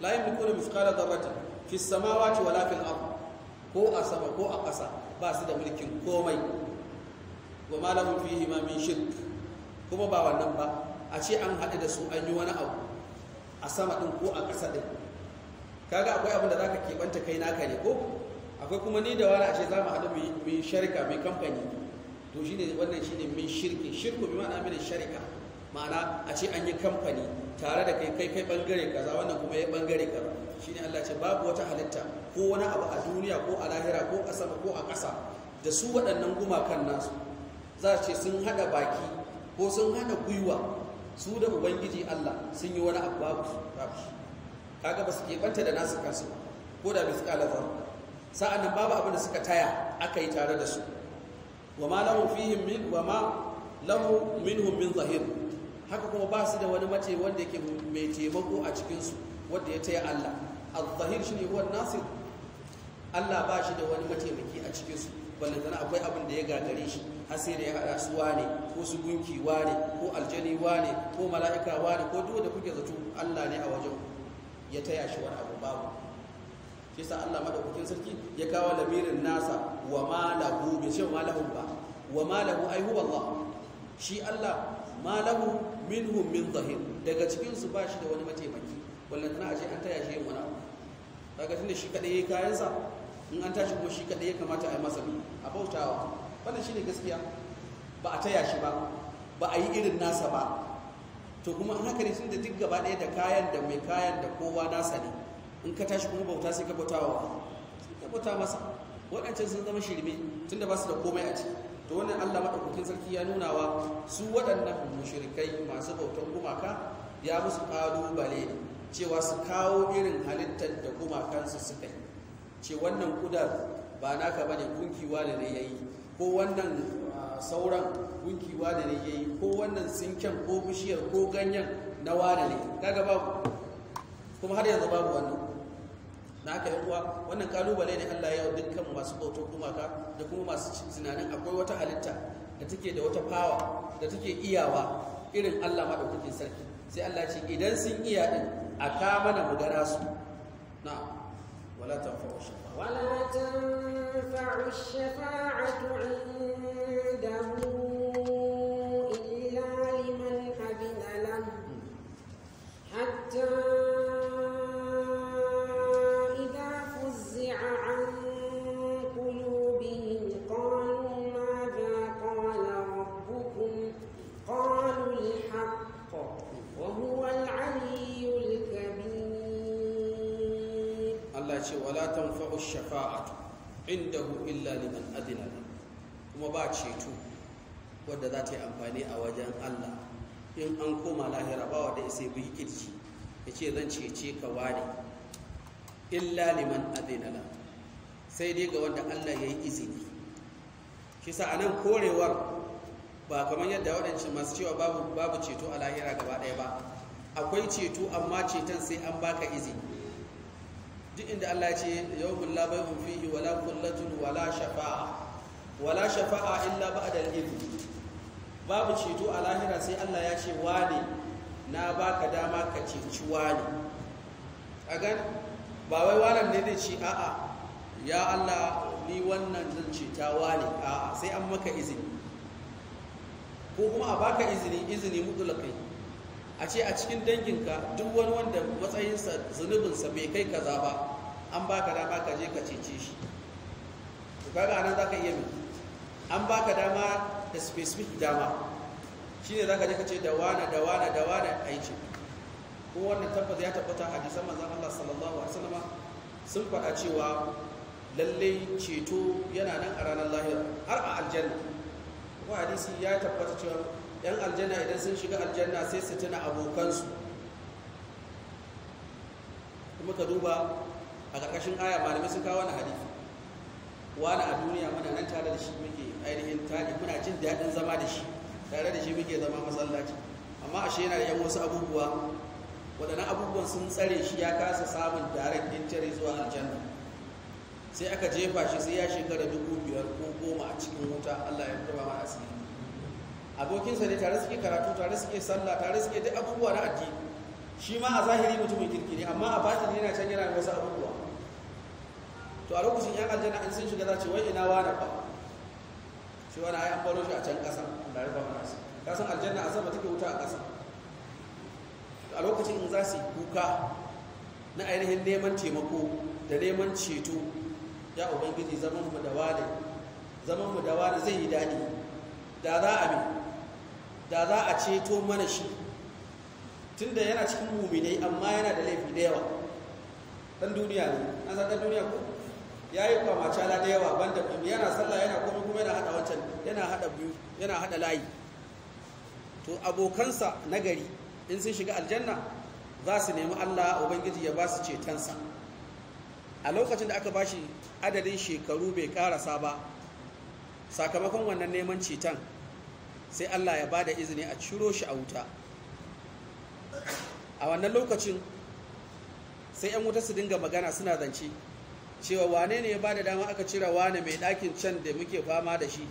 la da bikuni mithqala dharratin fi ce wa lafin abu. ko a sama ko a ƙasa ba su da mulkin komai wa ma fi fihi ma shirk kuma ba wannan ba a ce an haɗu da su an yi wani abu a sama ɗin ko a ƙasa ɗin kaga akwai abin da za ka keɓanta kai naka ne ko akwai kuma ni da wani ashe za mu haɗu mai shirka sharika mai kamfani to ne wannan shine min shirki shirku bi ma'ana min sharika ma'ana a ce an yi kamfani tare da kai kai kai bangare kaza wannan kuma ya bangare kaza ne Allah ce babu wata halitta ko wani abu a duniya ko a lahira ko a sama ko a ƙasa da su waɗannan gumakan nasu za ce sun haɗa baki ko sun haɗa gwiwa su da ubangiji Allah sun yi wani abu babu su kaga ba su keɓanta da nasu kansu ko da bisu su sa'an nan babu abin da suka taya aka yi tare da su wa ma lahu fihim min wa lahu minhum min zahir haka kuma ba su da wani mace wanda yake mai taimako a cikinsu wanda ya taya Allah al-zahir shine huwa nasir Allah ba shi da wani mataimaki a cikinsu ballantana akwai abin da ya gagare shi har sai da ya hada su wane ko su gunki wane ko aljani wane ko mala'ika wane ko duk da kuke zato Allah ne a wajen ya taya shi wani abu babu shi sa Allah madaukakin sarki ya kawo lamirin nasa wa ma lahu bi shi ma lahu ba wa ma lahu ai huwa Allah shi Allah ma lahu minhum min zahir daga cikin su ba shi da wani mataimaki wallan tana aje an taya shi yin wani abu daga tunda shi kadai yayi kayan sa in an tashi kuma shi kadai ya kamata a yi masa bi a bautawa wannan shine gaskiya ba a taya shi ba ba a yi irin nasa ba to kuma an haka ne sun da duk gaba ɗaya da kayan da mai kayan da kowa nasa ne in ka tashi kuma bauta sai ka bautawa wa sai ka bauta masa waɗancan sun zama shirme tunda ba su da komai a ciki to wannan Allah madaukakin sarki ya nuna wa su waɗannan mushrikai masu bautan gumaka ya musu bale cewa su kawo irin halittar da gumakansu suka yi ce wannan kudar ba naka bane gunkiwa da ne yayi ko wannan sauran gunkiwa da ne yayi ko wannan sinken ko bishiyar ko ganyen na wane ne kaga babu kuma har yanzu babu wannan Na haka yan uwa wannan kalubale ne Allah ya dukkan masu bautar gumaka da kuma masu zinanin akwai wata halitta da take da wata fawa da take iyawa irin Allah madaukakin sarki sai Allah ce idan sun iya din a ka mana mugara su na wala tanfa'u shafa'a wala shafa'atu shafa'atu indahu illa liman adina kuma ba ceto wadda za ta yi amfani a wajen Allah in an koma lahira ba wadda isa bi kirki ya ce zan cece ka ware illa liman adina sai dai ga wanda Allah ya yi izini shi sa anan korewar ba kamar yadda waɗancan masu cewa babu ceto a lahira gaba ɗaya ba akwai ceto amma ceton sai an baka izini duk inda Allah ce 'Yau, la bay'un fihi wala qullatun wala shafa'a wala shafa'a illa ba'da al-idh babu ceto a lahira sai Allah ya ce wane na baka dama ka ceci ne? a gan ba wai wannan ne zai ce a'a ya Allah ni wannan zan cita, wani a'a sai an maka izini ko kuma a baka izini izini mutulakai a ce a cikin danginka duk wani wanda matsayinsa zunubinsa bai kai kaza ba an baka dama ka je ka cece shi to kaga za zaka iya mi an baka dama da specific dama Shi ne zaka je ka ce da wana da wana da a yi ce ko wannan tabbata ya tabbata hadisan manzon Allah sallallahu alaihi wasallam sun faɗa cewa lalle ceto yana nan a ranar lahira har a aljanna ko hadisi ya tabbata cewa yan aljanna idan sun shiga aljanna sai su tuna abokansu kuma ka duba a ƙarƙashin aya malamai sun kawo wani hadisi wani a duniya muna nan tare da shi muke ainihin tare muna jin daɗin zama da shi tare da shi muke zama masallaci amma ashe yana da yan wasu abubuwa waɗannan abubuwan sun tsare shi ya kasa samun direct entry zuwa aljanna sai aka jefa shi sai ya shekara dubu biyar ko goma a cikin wuta allah ya fita ma asiri abokinsa ne tare suke karatu tare suke sallah tare suke duk abubuwa na addini shi ma a zahiri mutumin kirkiri amma a batini yana can yana wasu abubuwa to a lokacin yan aljanna in sun shiga za ce wai ina wani ba shi wani ayi an baro shi a can ƙasa da ya zama nasu ka san aljanna a sama take wuta a ƙasa a lokacin in za su kuka na ainihin neman taimako da neman ceto ya ubangiji zaman mu da wani zaman mu da wani zai yi daɗi da za a bi da za a ceto mana shi tunda yana cikin ne amma yana da laifi da yawa ɗan duniya ne an san ɗan duniya ko ya yi kwamacala da yawa banda biyu yana sallah yana komai kuma yana hada wancan yana hada biyu yana hada layi to abokansa na gari in sun shiga aljanna za su nemi Allah ubangiji ya ba su cetonsa a lokacin da aka ba shi adadin shekaru bai sa ba sakamakon wannan neman ceton sai Allah ya ba da izini a ciro shi a wuta a wannan lokacin sai 'yan wuta su dinga magana suna zance cewa wane ne ya ba da dama aka cira wane mai ɗakin can da muke fama da shi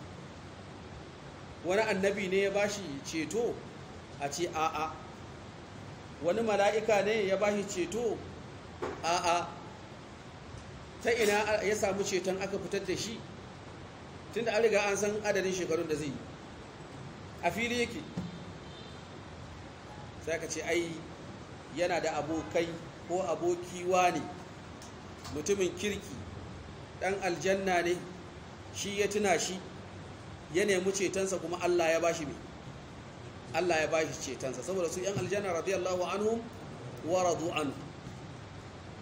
wani annabi ne ya ba shi ceto a ce a'a wani mala'ika ne ya ba shi ceto a'a ta ina ya samu ceton aka fitar da shi tun da an an san adadin shekarun da zai yi a fili yake sai ka ce ai yana da abokai ko abokiwa ne mutumin kirki ɗan aljanna ne shi ya tuna shi ya nemi cetonsa kuma Allah ya bashi mai Allah ya bashi cetonsa saboda su ‘yan aljanna radiyallahu anhu wa radu anhu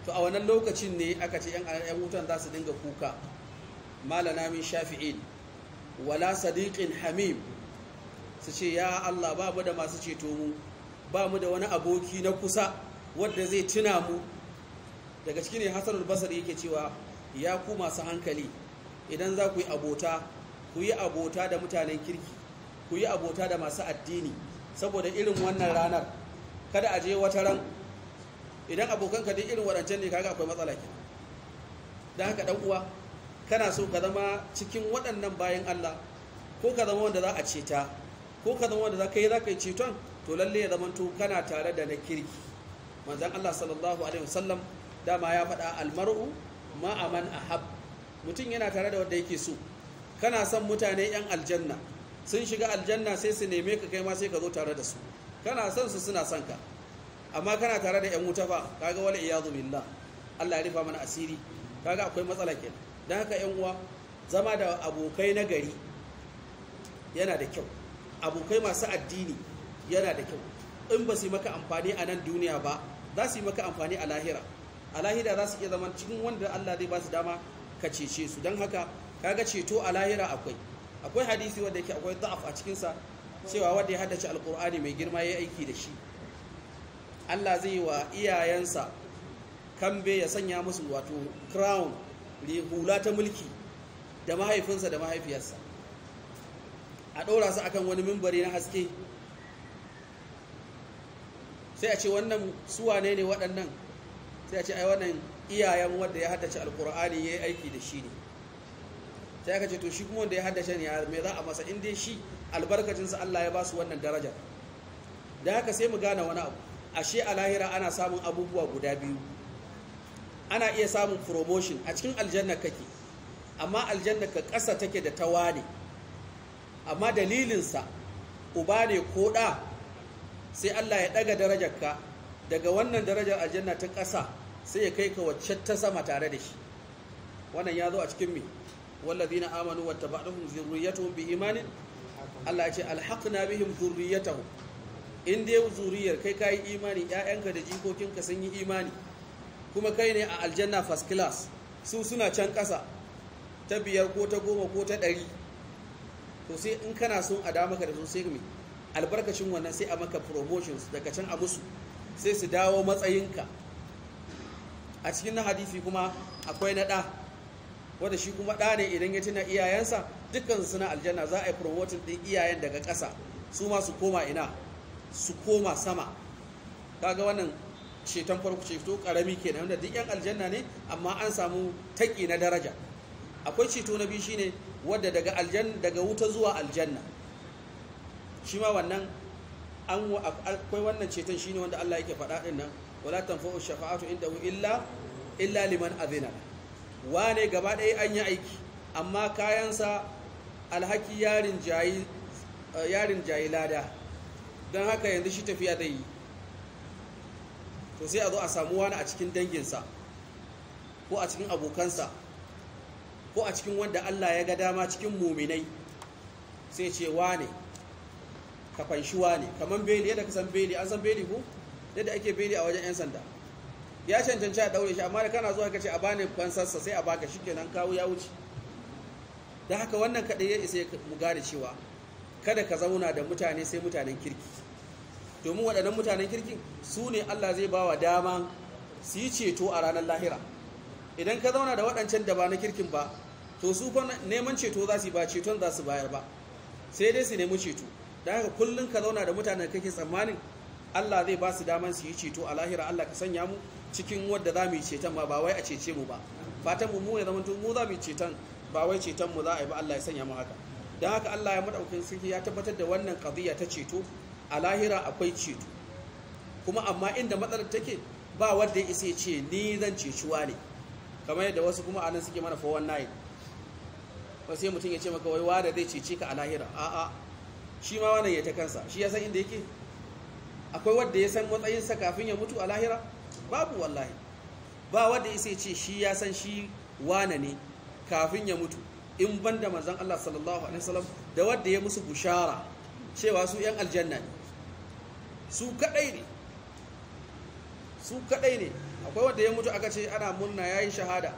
to a wannan lokacin ne aka ce ‘yan wutan za su dinga kuka malana min shafi'in wala sadiqin hamim su ce ya Allah babu da masu ceto mu ba mu da wani aboki na kusa wadda zai tuna mu daga ciki ne hasanul basar yake cewa ya ku masu hankali idan za ku yi abota ku yi abota da mutanen kirki ku yi abota da masu addini saboda irin wannan ranar kada a je wata ran idan abokanka duk irin waɗancan ne kaga akwai matsala ke don haka ɗan uwa kana so ka zama cikin waɗannan bayan Allah ko ka zama wanda za a ceta ko ka zama wanda za ka yi za ka yi ceton to lalle ya to kana tare da na kirki manzan Allah sallallahu alaihi wasallam dama ya faɗa almar'u ma'aman ahab mutum yana tare da wanda yake so kana son mutane yan aljanna sun shiga aljanna sai su neme ka kai ma sai ka zo tare da su kana son su suna son ka amma kana tare da yan wuta fa kaga wala iyazu billah Allah ya rufa mana asiri kaga akwai matsala kenan dan haka yan uwa zama da abokai na gari yana da kyau abokai masu addini yana da kyau in ba su maka amfani a nan duniya ba za su yi maka amfani a lahira a lahira za su iya zama cikin wanda Allah zai ba su dama ka cece su don haka kaga ceto a lahira akwai akwai hadisi wanda yake akwai da'af a cikinsa cewa wanda ya haddace alkur'ani mai girma ya aiki da shi Allah zai wa iyayensa kambe ya sanya musu wato crown hula ta mulki da mahaifinsa da mahaifiyarsa a ɗora su akan wani mimbari na haske sai a ce wannan suwane ne waɗannan sai a ce ai wannan iyayen wanda ya haddace alkur'ani ya yi aiki da shi ne sai aka ce to shi kuma wanda ya haddace ne mai za a masa inda shi albarkacinsa Allah ya ba su wannan daraja da haka sai mu gane wani abu ashe a lahira ana samun abubuwa guda biyu ana iya samun promotion a cikin aljanna kake amma aljanna ka ƙasa take da tawa ne amma dalilinsa uba ne ko ɗa sai Allah ya ɗaga darajar ka. daga wannan darajar aljanna ta ƙasa sai ya kai ka wacce ta sama tare da shi wannan ya zo a cikin mi na amanu wata bi biimanin Allah ya ce alhaqna bihim zurriyyatahum in dai zuriyar kai kayi imani 'ya'yanka da jikokinka sun yi imani kuma kai ne a aljanna first class su suna can ƙasa ta biyar ko ta goma ko ta ɗari to sai in kana son a da maka da sun sai albarkacin wannan sai a maka promotions daga can a musu sai su dawo matsayinka a cikin na hadisi kuma akwai na ɗa wanda shi kuma ɗa ne idan ya tuna iyayensa dukkan su na aljanna za a yi promoting ɗin iyayen daga ƙasa su ma su koma ina su koma sama kaga wannan ceton farko ceto ƙarami kenan wanda duk 'yan aljanna ne amma an samu taƙi na daraja akwai ceto na biyu shine wadda daga daga wuta zuwa aljanna shi ma wannan an akwai wannan ceton shine wanda Allah yake faɗa din nan wala tanfa'u shafa'atu inda illa illa liman adhina wane gaba ɗaya an yi aiki amma kayansa alhaki yarin jayi eh, yarin jayi lada don haka yanzu shi tafiya da yi to sai a zo a samu wani a cikin danginsa ko a cikin abokansa ko a cikin wanda Allah ya ga dama cikin muminai sai ce wane ne kafanshuwa ne kamar beli yadda kasan beli an san beli ko yadda ake beli a wajen 'yan sanda ya cancanci a daure shi amma da kana zuwa kace a bani fansarsa sai a baka shi kenan kawo ya wuce da haka wannan kaɗai ya isa mu gane cewa kada ka zauna da mutane sai mutanen kirki domin waɗannan mutanen kirki su ne allah zai ba wa dama su yi ceto a ranar lahira idan ka zauna da waɗancan da ba na kirkin ba to su neman ceto za su ba ceton za su bayar ba sai dai su nemi ceto da haka kullum ka zauna da mutanen kake tsammanin Allah zai ba su daman su yi ceto a lahira Allah ka sanya mu cikin wadda za mu yi ceton ma ba wai a cece mu ba fatan mu ya zama mu za mu yi ceton ba wai ceton mu za a yi ba Allah ya sanya mu haka don haka Allah ya madaukin sirri ya tabbatar da wannan qadiyya ta ceto a lahira akwai ceto kuma amma inda matsalar take ba wanda ya isa ce ni zan cecuwa ne kamar yadda wasu kuma anan suke mana nayi ba sai mutum ya ce maka wai wa da zai cece ka a lahira a'a shi ma wani ya ta kansa shi ya san inda yake akwai wadda ya san matsayinsa kafin ya mutu a lahira babu wallahi ba wadda ya ce shi ya san shi wane ne kafin ya mutu in ban da manzan Allah sallallahu alaihi wasallam da wadda ya musu bushara cewa su yan aljanna ne su kadai ne su kadai ne akwai wadda ya mutu aka ce ana murna yayi shahada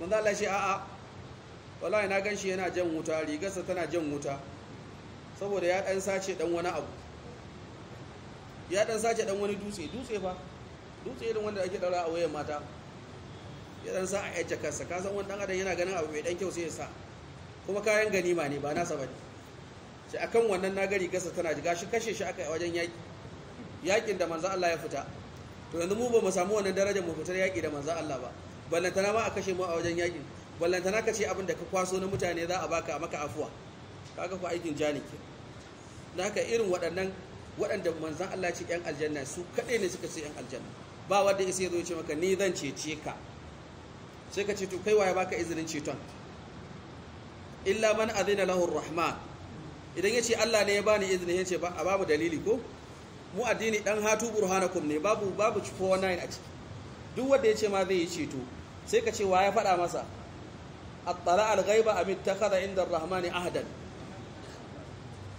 manzan Allah ya ce a'a wallahi na ganshi yana jan wuta rigarsa tana jan wuta saboda ya dan sace dan wani abu ya dan sace dan wani dutse dutse fa dutse irin wanda ake daura a wayan mata ya dan sa a yace kansa ka san wani dan adam yana ganin abu mai dan kyau sai ya sa kuma kayan ganima ne ba nasa bane sai akan wannan na gari gasa tana ji gashi kashe shi aka wajen yaki yakin da manzo Allah ya fita to yanzu mu ba mu samu wannan darajar mu fitar yaki da manzo Allah ba balantana ma a kashe mu a wajen yakin ballantana ka ce abin da ka kwaso na mutane za a baka a maka afuwa kaga ku aikin jani ke haka irin waɗannan waɗanda manzan Allah ce yan aljanna su kaɗai ne suka ce yan aljanna ba wanda isa ya zo ce maka ni zan cece ka sai ka ce to kai waye baka izinin ceton illa man azina lahu rahman idan ya ce Allah ne ya bani izini ya ce ba babu dalili ko mu addini dan hatu burhanakum ne babu babu 419 a ciki duk wanda ya ce ma zai yi ceto sai ka ce wa ya faɗa masa attala al-ghaiba am ittakhadha inda ar-rahmani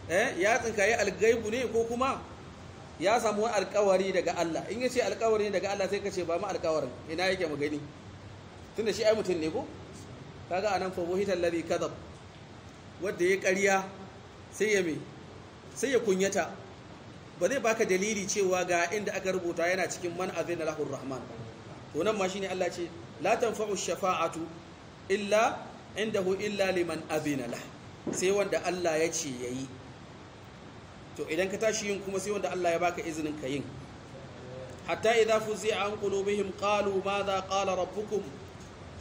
eh ya tsinkaye al-ghaibu ne ko kuma ya samu alƙawari alkawari daga Allah in yace alkawari daga Allah sai ka ce ba mu alkawarin ina yake mu gani tunda shi ai mutun ne ko kaga anan fa buhita alladhi kadhab wanda ya ƙarya sai ya me sai ya kunyata ba zai baka dalili cewa ga inda aka rubuta yana cikin man azina lahur rahman to nan ma shine Allah ce la tanfa'u shafa'atu illa hu illa liman azina lah sai wanda Allah ya ce yayi to idan ka tashi yin kuma sai wanda Allah ya baka izinin ka yin hatta idza fuzi'a an qulubihim qalu madha qala rabbukum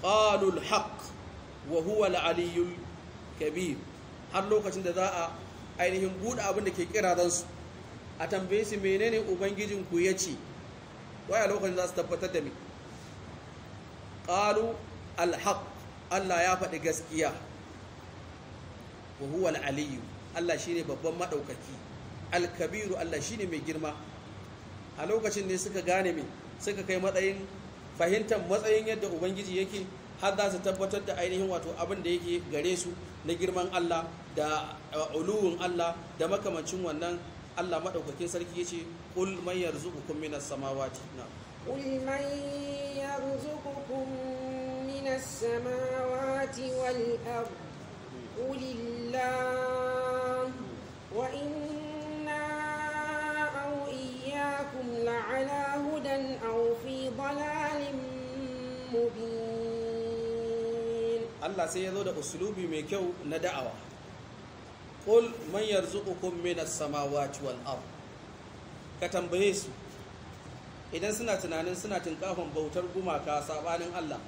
qalu al wa huwa kabir har lokacin da za a ainihin buɗe abin da ke kira su a tambaye su menene ubangijinku ya ce waya lokacin za su tabbatar da me qalu Allah ya faɗi gaskiya wa huwa aliyu Allah ne babban maɗaukaki alkabiru Allah shi ne mai girma a lokacin ne suka gane mai suka kai matsayin fahimtar matsayin yadda ubangiji yake har su tabbatar da ainihin wato abin da yake gare su na girman Allah da eh, uluwun Allah da makamancin wannan Allah maɗaukakin sarki yace qul man yarzuqukum minas samawati na qul man من السماوات والأرض قل الله وإنا أو إياكم لعلى هدى أو في ضلال مبين الله سيذود أسلوبي ميكو ندعوة قل من يرزقكم من السماوات والأرض كتنبهيسو idan suna tunanin suna tinkahon bautar gumaka sabanin Allah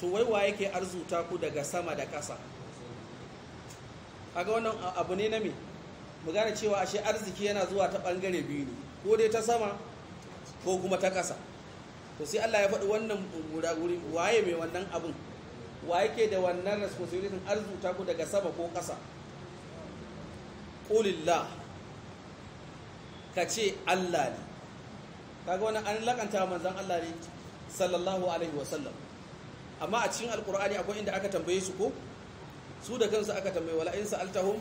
to wai wa yake arzuta ku daga sama da ƙasa ga wannan abu ne na me mu gane cewa ashe arziki yana zuwa ta ɓangare biyu ne ko dai ta sama ko kuma ta ƙasa to sai Allah ya faɗi wannan guri waye mai wannan abun wa yake da wannan responsibility arzuta ku daga sama ko ƙasa qulillah ka ce Allah ne kaga wannan an lakanta manzon Allah ne sallallahu alaihi wasallam amma a cikin alkur'ani akwai inda aka tambaye su ko su da kansu aka tambaye wala in sa'altahum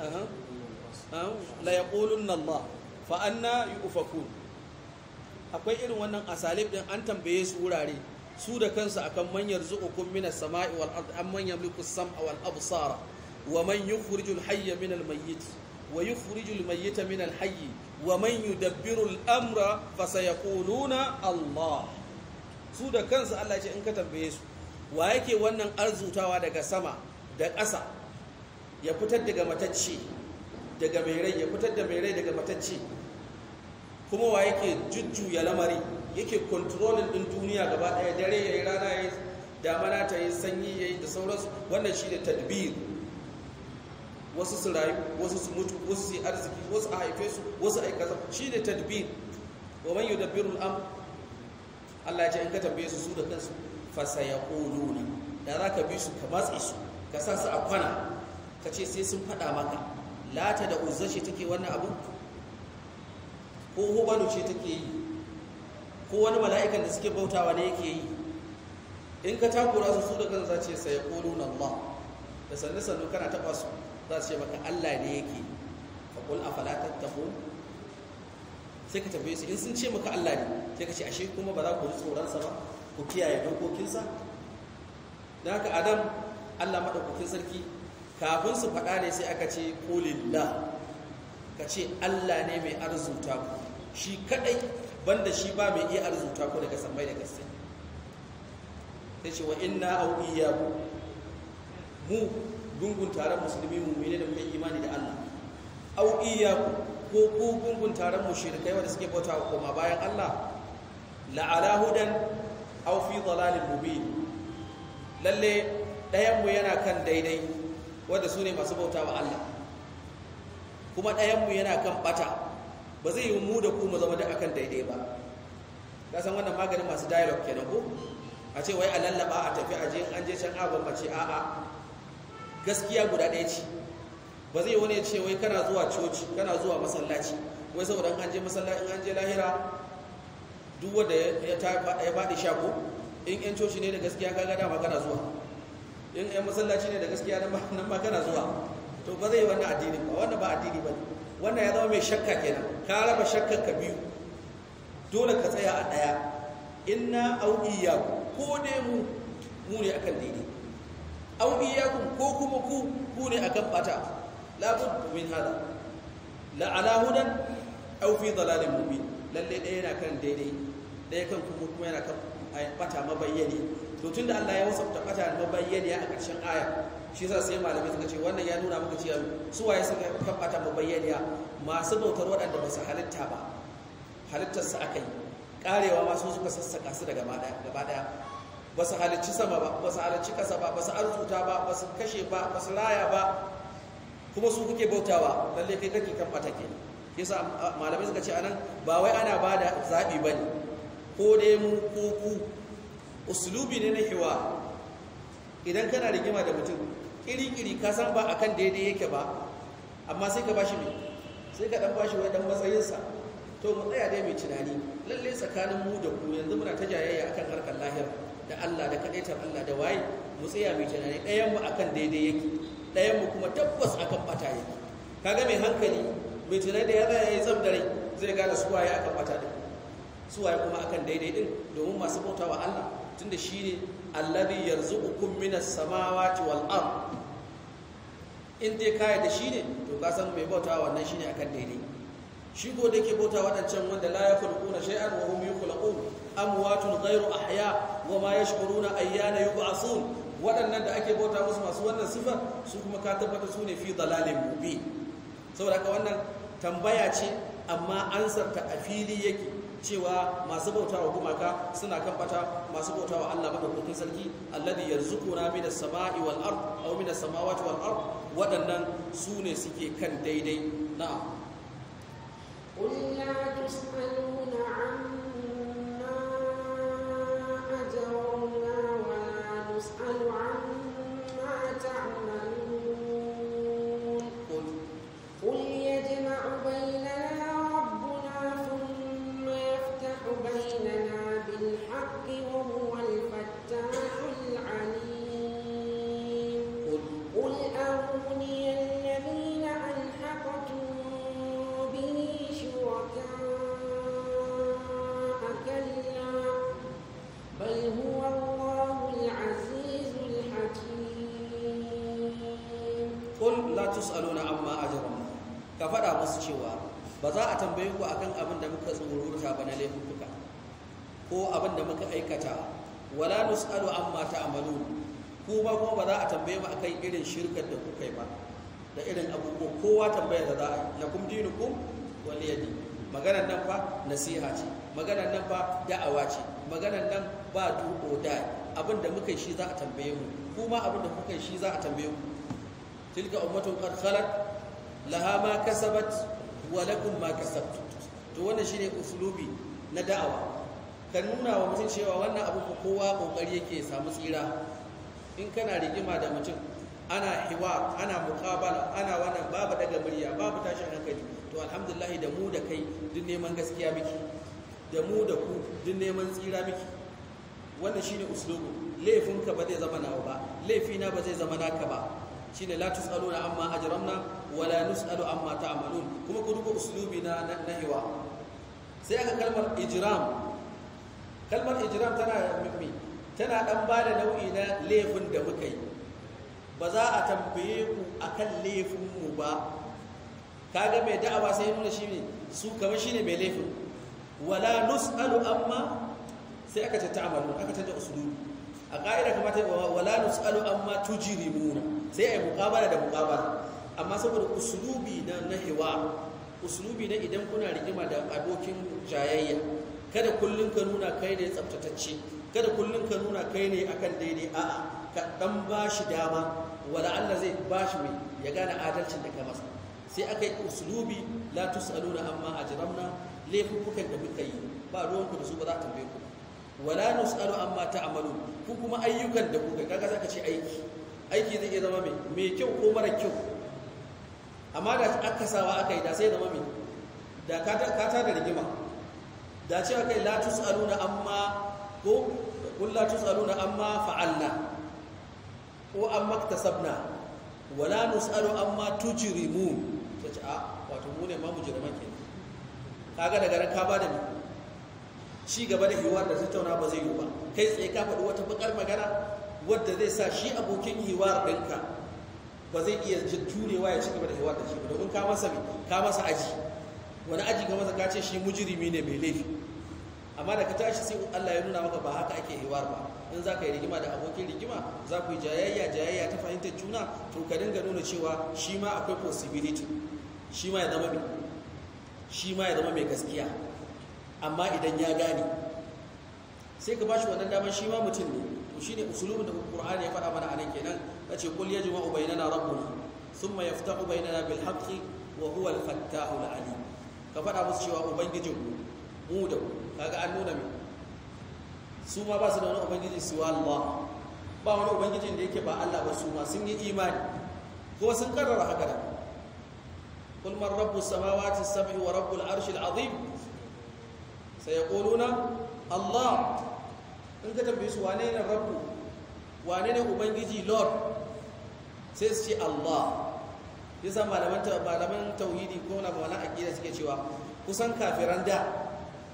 aha la yaqulunna Allah fa anna yufakun akwai irin wannan asalib din an tambaye su wurare su da kansu akan man yarzuqukum minas sama'i wal ardi am man yamliku as-sam'a wal absara wa man yukhrijul hayya minal mayyit wa yukhrijul mayyita minal hayy wa man yudabbiru al-amra fasayaquluna Allah su da kansu Allah ce in ka tambaye su wa yake wannan arzutawa daga sama da ƙasa ya fitar daga matacce daga mai rai ya fitar da mai rai daga matacce kuma wa yake jujjuya lamari yake kontrolin din duniya gaba ɗaya dare ya yi rana ya yi damana ta yi sanyi ya yi da sauransu wannan shi da tadbir wasu su rayu wasu su mutu wasu su yi arziki wasu a haife su wasu a yi kaza shi da tadbir wa man yudabbiru al-amr Allah ya ce in ka tambaye su su da kansu fa sayaquluna da za ka bi su ka matsi su ka sa su a kwana ka ce sai sun faɗa maka lata da uzza take wannan abu ko hubalu ce take yi ko wani mala'ikan da suke bautawa ne yake yi in ka takura su su da kansu za ce sayaquluna Allah da sannu sannu kana taba su za su ce maka Allah ne yake fa qul afala tattaqun sai ka tambaye su in sun ce maka Allah ne sai ka ce ashe kuma ba za ku ji tsoronsa ba ku kiyaye dokokinsa da haka adam Allah maɗaukakin sarki kafin su faɗa ne sai aka ce kulilla ka ce Allah ne mai arzuta ku shi kaɗai banda shi ba mai iya arzuta ku daga sammai da gaske sai ce wa inna au ku, mu gungun taron musulmi ne da muke imani da Allah au ku. ko gungun taron mushirikai wanda suke bauta wa koma bayan Allah la'ala hudan aw fi dalalin mubin lalle ɗayanmu yana kan daidai wanda su ne masu bauta wa Allah kuma ɗayanmu yana kan bata ba zai yi mu da ku mu zama da akan daidai ba ka san wannan maganin masu dialogue kenan ko a ce wai a lallaba a tafi ajiyar an je can abin mace a'a gaskiya guda ɗaya ce ba zai wani ya ce wai kana zuwa coci kana zuwa masallaci wai saboda an je masallaci an je lahira duk wanda ya ta ya fadi shago in yan coci ne da gaskiya kaga dama kana zuwa in yan masallaci ne da gaskiya nan ma kana zuwa to ba zai yi wannan addini ba wannan ba addini ba wannan ya zama mai shakka kenan ka raba shakkar ka biyu dole ka tsaya a daya inna au ko ne mu mu ne akan daidai au ko kuma ku ku ne akan bata la budda min hada la ala hudan aw fi dalalin mubin lalle ɗaya yana kan daidai ɗaya kan kuma kuma yana kan bata mabayyani to tunda Allah ya wasafta bata mabayyani a ƙarshen aya shi yasa sai malamai suka ce wannan ya nuna maka cewa su waye suka kan bata mabayyani masu bautar waɗanda ba su halitta ba halittar su akai karewa ma su suka sassaka su daga gaba daya ba su halicci sama ba ba su halicci kasa ba ba su arzuta ba ba su kashe ba ba su raya ba kuma su kuke bautawa lalle kai kake kan bata ke yasa malamai suka ce anan ba wai ana bada zabi bane ko dai mu ko ku uslubi ne na hiwa idan kana rigima da mutum kiri-kiri ka san ba akan daidai yake ba amma sai ka bashi mai sai ka dan bashi wani dan matsayinsa to mu tsaya dai mai tunani lalle tsakanin mu da ku yanzu muna ta jayayya akan harkar lahira da Allah da kadaitar Allah da waye mu tsaya mai tunani ɗayan mu akan daidai yake ɗayan mu kuma tabbas akan ɓata yake ga mai hankali mai tunai da yana yayi zam dare zai gane suwaye akan bata Su suwaye kuma akan daidai din domin masu wa Allah tunda shine yanzu yarzuqukum minas samawa ci wal'am in dai kayan da ne, to ka san mai bauta wannan shine akan daidai shi ko da ke bauta waɗancan wanda la ya yakhluquna shay'an wa hum yukhluqun amwatun ghayru ahya wa ma yashkuruna ayyana yub'athun waɗannan da ake bauta musu masu wannan sifar su kuma ka tabbatar su ne fi dalalin mubi saboda haka wannan tambaya ce amma ansarta a fili yake cewa masu bauta wa gumaka suna kan bata masu bauta wa Allah madaukakin sarki alladhi yanzu minas sama'i wal ard aw minas samawati wal ard waɗannan su ne suke kan daidai na'am قل لا تسألون عما أجرنا times unwise. tambaye ku akan abin da muka tsururta ba na laifuka ko abin da muka aikata wala nus'alu amma ta'malu ku ba kuma ba za a tambaye mu akan irin shirkar da kuka yi ba da irin abubuwa kowa tambaye da za a yi lakum dinukum waliyadi maganar nan fa nasiha ce maganar nan fa da'awa ce maganar nan ba duko da abin da muka shi za a tambaye mu kuma abin da kuka shi za a tambaye ku tilka ummatun qad khalat laha ma kasabat Walakun ma kasabtu to wannan shine uslubi na da'awa ka nuna wa mutum cewa wannan abu ko kowa kokari yake samu tsira in kana rigima da mutum ana hiwa ana muqabala ana wannan babu daga murya babu tashin hankali to alhamdulillah da mu da kai duk neman gaskiya miki da mu da ku duk neman tsira miki wannan shine uslubu laifinka ba zai zama nawa ba laifina ba zai zama naka ba ne Latus, tusaluna amma ajramna wala nusalu amma ta'malun kuma ku duba uslubi na nahwa sai aka kalmar ijram kalmar ijram tana mimmi tana dan bada nau'i na laifin da muka yi ba za a tambaye ku akan laifin mu ba kaga mai da'awa sai nuna shi ne su kamar ne mai laifin wala nusalu amma sai aka ce ta'malun aka ce uslubi a ƙa'ida kamata wala nus'alu amma tujrimuna sai ai muqabala da muqabala amma saboda uslubi na nahwa uslubi na idan kuna rigima da abokin jayayya kada kullun ka nuna kai ne tsaftatacce kada kullun ka nuna kai ne akan daidai a'a ka dan bashi dama wala Allah zai bashi mai ya gane adalcin da ka masa sai aka yi uslubi la tus'aluna amma ajramna laifukan da muka yi ba ruwanku da su ba za ta tambaye ku wala nus'alu amma ta'malu ku kuma ayyukan da ku kaga zaka ce aiki aiki zai iya zama mai Me kyau ko mara kyau amma da aka sawa aka yi da sai zama mai da ka ta da rigima da ce aka yi la tus'aluna amma ko kun la tus'aluna amma fa'alna ko amma sabna. wala nus'alu amma tujrimun sai ce a ah, wato mu ne ma mujriman kenan kaga daga ran ka bada mu ci gaba da hewa da tattauna ba zai yi ba kai tsaye ka faɗi wata bakar magana wadda zai sa shi abokin da ɗinka ba zai iya jurewa ya ci gaba da hewa da shi ba domin ka masa ka masa aji wani aji ka masa ka ce shi mujirimi ne mai laifi amma da ka tashi sai Allah ya nuna maka ba haka ake hewa ba in za ka yi rigima da abokin rigima za ku yi jayayya jayayya ta fahimtar juna to ka dinga nuna cewa shi ma akwai possibility shi ma ya zama mai gaskiya amma idan ya gane sai ka bashi wannan damar shi ma mutum ne to shine usulubin da Qur'ani ya faɗa mana a nan kenan yace qul yajma'u bainana rabbuna thumma yaftahu bainana bil haqqi wa huwa al fattahu al alim ka faɗa musu cewa ubangijin mu da kaga an nuna mu su ma ba su da wani ubangiji siwa Allah ba wani ubangijin da yake ba Allah ba su ma sun yi imani ko sun karrara haka da qul man rabbus samawati as-sab'i wa rabbul arshil azim sai ya na? Allah in ka tambaye su wane ne rabu wane ne ubangiji lord sai su ce Allah ya sa malaman tauhidi ko na malaman aƙida suke cewa kusan kafiran da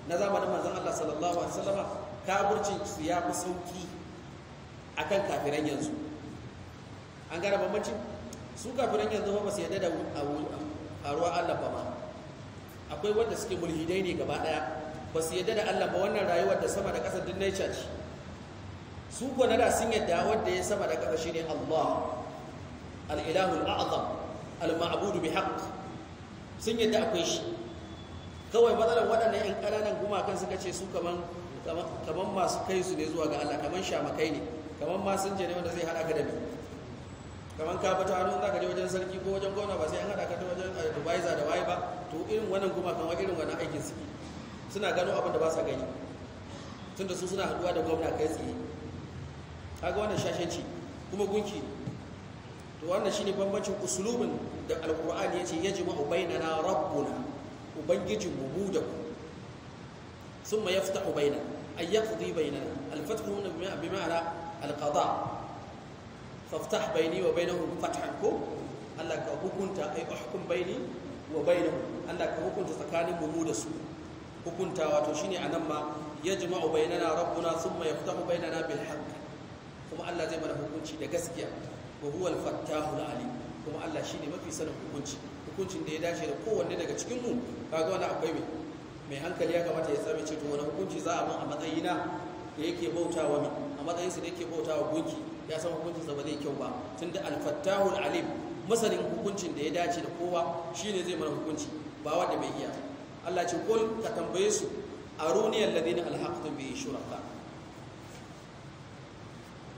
na zamanin manzan Allah sallallahu alaihi wasallama burcin su ya fi sauki akan kafiran yanzu an gara bambanci su kafiran yanzu ba su yadda da a ruwa Allah ba ma akwai wanda suke mulhidai ne gaba daya ba su yadda da Allah ba wannan rayuwar da sama da ƙasa duk nature ce su kuwa da sun yadda wanda ya sama da ƙasa shine Allah al-ilahu al-a'zam al-ma'budu bi haqq sun yadda akwai shi kawai matsalar waɗannan 'yan ƙananan gumakan suka ce su kaman kaman masu kai su ne zuwa ga Allah kaman shamakai ne kaman masinja ne wanda zai hada ka da ni kaman ka fito hannun za ka je wajen sarki ko wajen gwamna ba sai an hada ka wajen advisor da waye ba to irin wannan gumakan wa irin wannan aikin suke suna gano abin da ba sa gani tunda su suna haduwa da gwamna kai tsaye kaga wannan shashanci kuma gunki to wannan shine bambancin usulubin da alqur'ani yace yajma'u bainana rabbuna ubangijin mu da ku thumma yaftahu bainana ay yaqdi bainana al-fathu huna bima'ana al-qada faftah baini wa bainahum fathan ku Allah ka hukunta ay ahkum baini wa bainahum Allah ka hukunta tsakanin mu da su hukuntawa to shine anan ma yajma'u bainana rabbuna thumma yaftahu bainana bil haqq kuma Allah zai mana hukunci da gaskiya wa huwa al fattahu al alim kuma Allah shine mafi sanin hukunci hukuncin da ya dace da kowanne daga cikin mu kaga wani akwai mai mai hankali ya kamata ya tsame ce to wani hukunci za a mun a matsayina da yake bautawa mi a matsayinsa da yake bautawa gunki ya san hukuncinsa ba zai kyau ba tunda al fattahu alim masanin hukuncin da ya dace da kowa shine zai mana hukunci ba wanda bai iya Allah ce kul ka tambaye su aruni alladhina alhaqtu bi shuraka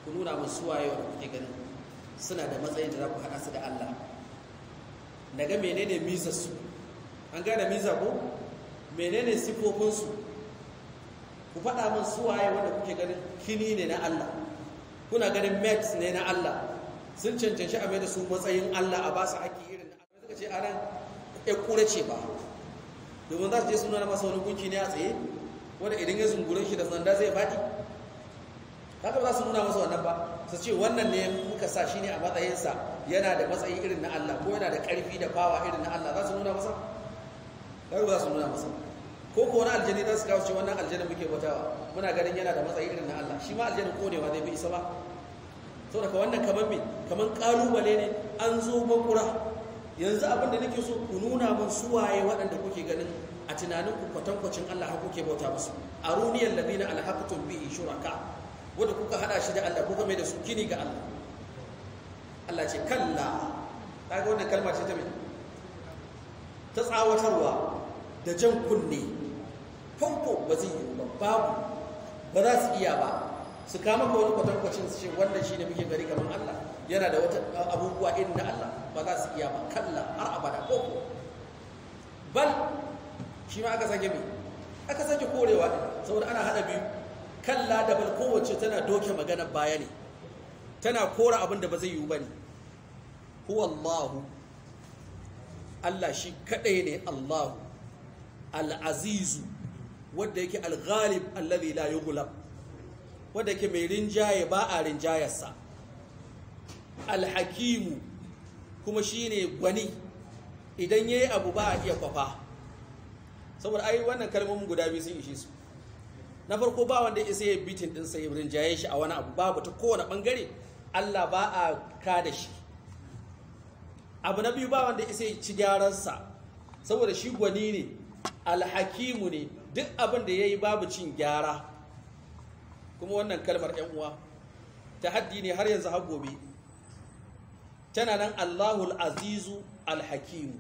ku nuna musu waye kuke ganin suna da matsayin da za ku hada su da Allah daga menene mizar su an gane miza ko menene sifofin su ku faɗa min su waye wanda kuke ganin kini ne na Allah kuna ganin max ne na Allah sun cancanci a mai da su matsayin Allah a ba su haƙƙi irin da. Aka suka ce a ran ƙure ce ba domin za su je suna na masa wani gunki ne a tsaye wanda idan ya zungurin shi da sanda zai faɗi haka za su nuna masa wannan ba su ce wannan ne muka sa shi ne a matsayinsa yana da matsayi irin na Allah ko yana da ƙarfi da fawa irin na Allah za su nuna masa haka za su nuna masa ko ko wani aljani za su kawo ce wannan aljani muke bautawa muna ganin yana da matsayi irin na Allah shi ma aljani konewa zai bi isa ba saboda ka wannan kamar me kamar ƙalubale ne an zo bakura yanzu abin da nake so ku nuna min suwaye waɗanda kuke ganin a tunanin ku kwatankwacin Allah har kuke bauta musu aruniyal ladina alhaqtum bihi shuraka wanda kuka hada shi da Allah kuka mai da su kini ga Allah Allah ce kalla kaga wannan kalma ce ta me ta tsawatarwa da jan kunne fanko ba zai yi ba babu ba za su iya ba su kama ka wani kwatankwacin su ce wannan shi ne muke gari kamar Allah yana da wata abubuwa irin na Allah ba za su iya ba kalla har abada ko ko bal shi ma aka sake mai aka sake korewa saboda ana haɗa biyu kalla da bal kowace tana doke maganar baya ne tana kora abin da ba zai yiwu ba ne huwallahu Allah shi kadai ne Allahu al'azizu wadda yake al allazi la yughlab wadda yake mai rinjaye ba a rinjayarsa al-hakimu kuma shine gwani idan ya yi abu ba a iya kwafa saboda ai wannan kalmomin guda biyu sun ishe su na farko ba wanda ya bitin din sai ibrin jaye shi a wani abu babu ta kowane bangare Allah ba a ka da shi abu na biyu ba wanda isa ya ci gyararsa saboda shi gwani ne alhakimu ne duk abin da yi babu cin gyara kuma wannan kalmar yan uwa ta haddi ne har yanzu har gobe tana nan Allahul Azizu Al-Hakim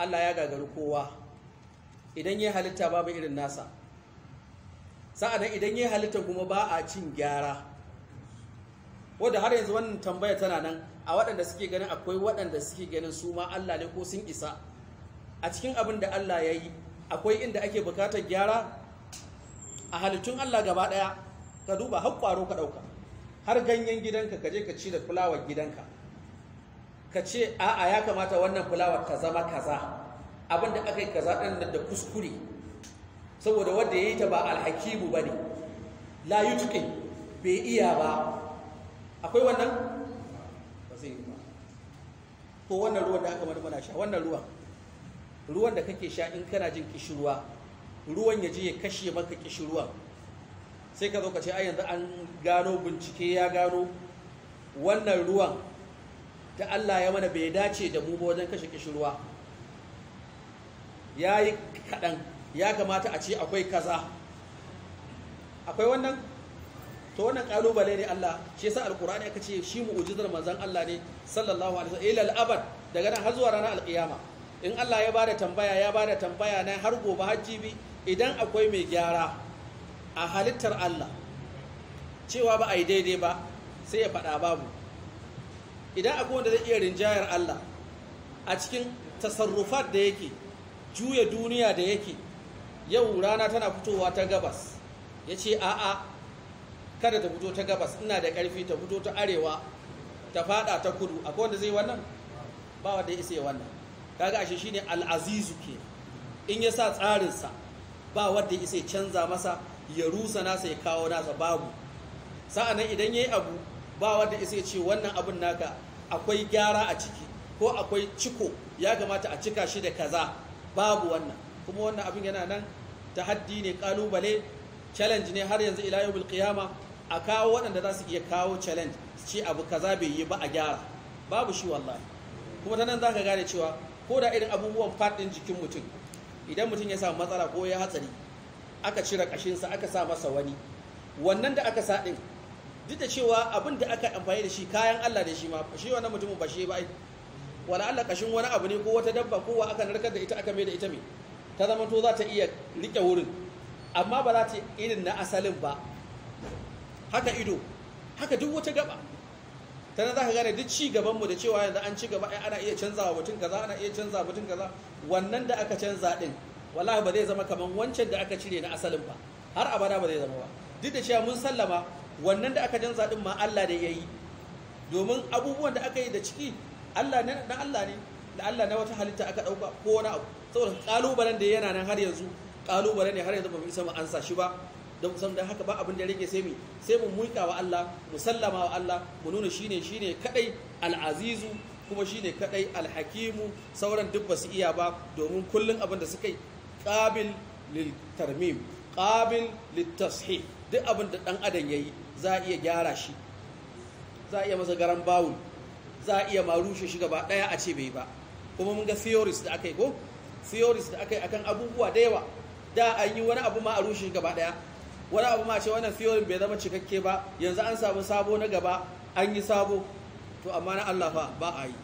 Allah ya gagari kowa idan ya halitta babu irin nasa sa'adan idan ya halitta kuma ba a cin gyara wadda har yanzu wannan tambaya tana nan a waɗanda suke ganin akwai waɗanda suke ganin su ma Allah ne ko sun isa a cikin abin da Allah ya yi akwai inda ake bukatar gyara a halittun Allah gaba ɗaya ka duba har ƙwaro ka ɗauka har ganyen gidanka ka je ka ci da fulawar gidanka ka ce a'a ya kamata wannan fulawa ka zama kaza abinda aka yi kaza ɗan da kuskure saboda wanda ya yi ta ba alhakimu ba ne la yutuƙin bai iya ba akwai wannan ba zai yi ba ko wannan ruwan da aka mana mana sha wannan ruwan ruwan da kake sha in kana jin kishirwa ruwan ya ji ya kashe maka kishirwa sai ka zo ka ce a yanzu an gano bincike ya gano wannan ruwan da Allah ya mana bai dace da mu wajen kashe kishirwa ya yi kaɗan ya kamata a ce akwai kaza akwai wannan to wannan ƙalubale ne Allah shi yasa alƙur'ani aka ce shi mu'ujizar manzon Allah ne sallallahu alaihi wasallam ila abad daga nan har zuwa ranar alƙiyama in Allah ya bada tambaya ya bada tambaya na har gobe bi? idan akwai mai gyara a halittar Allah cewa ba a yi daidai ba sai ya faɗa babu idan akwai wanda zai iya rinjayar Allah a cikin tasarrufat da yake juya duniya da yake yau rana tana fitowa ta gabas ya ce a'a kada ta fito ta gabas ina da ƙarfi ta fito ta arewa ta fada ta kudu akwai wanda zai wannan ba wanda ya isa ya wannan kaga ashe shine al'azizu ke in ya sa tsarinsa ba wanda ya isa ya canza masa ya rusa nasa ya kawo nasa babu sa'annan idan ya yi abu ba wanda isa ce wannan abin naka akwai gyara a ciki ko akwai ciko ya kamata a cika shi da kaza babu wannan kuma wannan abin yana nan tahaddi ne kalubale challenge ne har yanzu ila yawmul qiyama a kawo waɗanda za su iya kawo challenge su ce abu kaza bai yi ba a gyara babu shi wallahi kuma ta nan za ka gane cewa ko da irin abubuwan faɗin jikin mutum idan mutum ya samu matsala ko ya hatsari aka cire ƙashinsa aka sa masa wani wannan da aka sa ɗin duk da cewa abin da aka amfani da shi kayan Allah da shi ma shi wannan mutumin ba shi ba ai wala Allah kashin wani abu ne ko wata dabba ko wa aka narkar da ita aka mai da ita me ta zama to za ta iya rike wurin amma ba za ta irin na asalin ba haka ido haka duk wata gaba ta nan za ka gane duk ci gabanmu da cewa yanzu an ci gaba ana iya canza wa mutum kaza ana iya canza wa mutum kaza wannan da aka canza din wallahi ba zai zama kaman wancan da aka cire na asalin ba har abada ba zai zama ba duk da cewa mun sallama wannan da aka canza din ma Allah da ya yi domin abubuwan da aka yi da ciki Allah ne da Allah ne da Allah na wata halitta aka ɗauka ko wani abu saboda kalubalen da yana nan har yanzu kalubale ne har yanzu ba mu isa mu ansa shi ba don san da haka ba abin da rage sai mu sai mu muika wa Allah mu sallama wa Allah mu nuna shine shine kadai al-azizu kuma shine kadai al-hakimu sauran duk ba su iya ba domin kullun abin da suka yi qabil lil tarmim qabil lit tashih duk abin da dan adam yayi za a iya gyara shi za a iya masa garan bawul za a iya ma rushe shi gaba daya a ce bai ba kuma mun ga theories da aka yi ko theories da aka yi akan abubuwa da yawa da an yi wani abu ma a rushe shi gaba daya wani abu ma ce wannan theory bai zama cikakke ba yanzu an samu sabo na gaba an yi sabo to amma na Allah fa ba a yi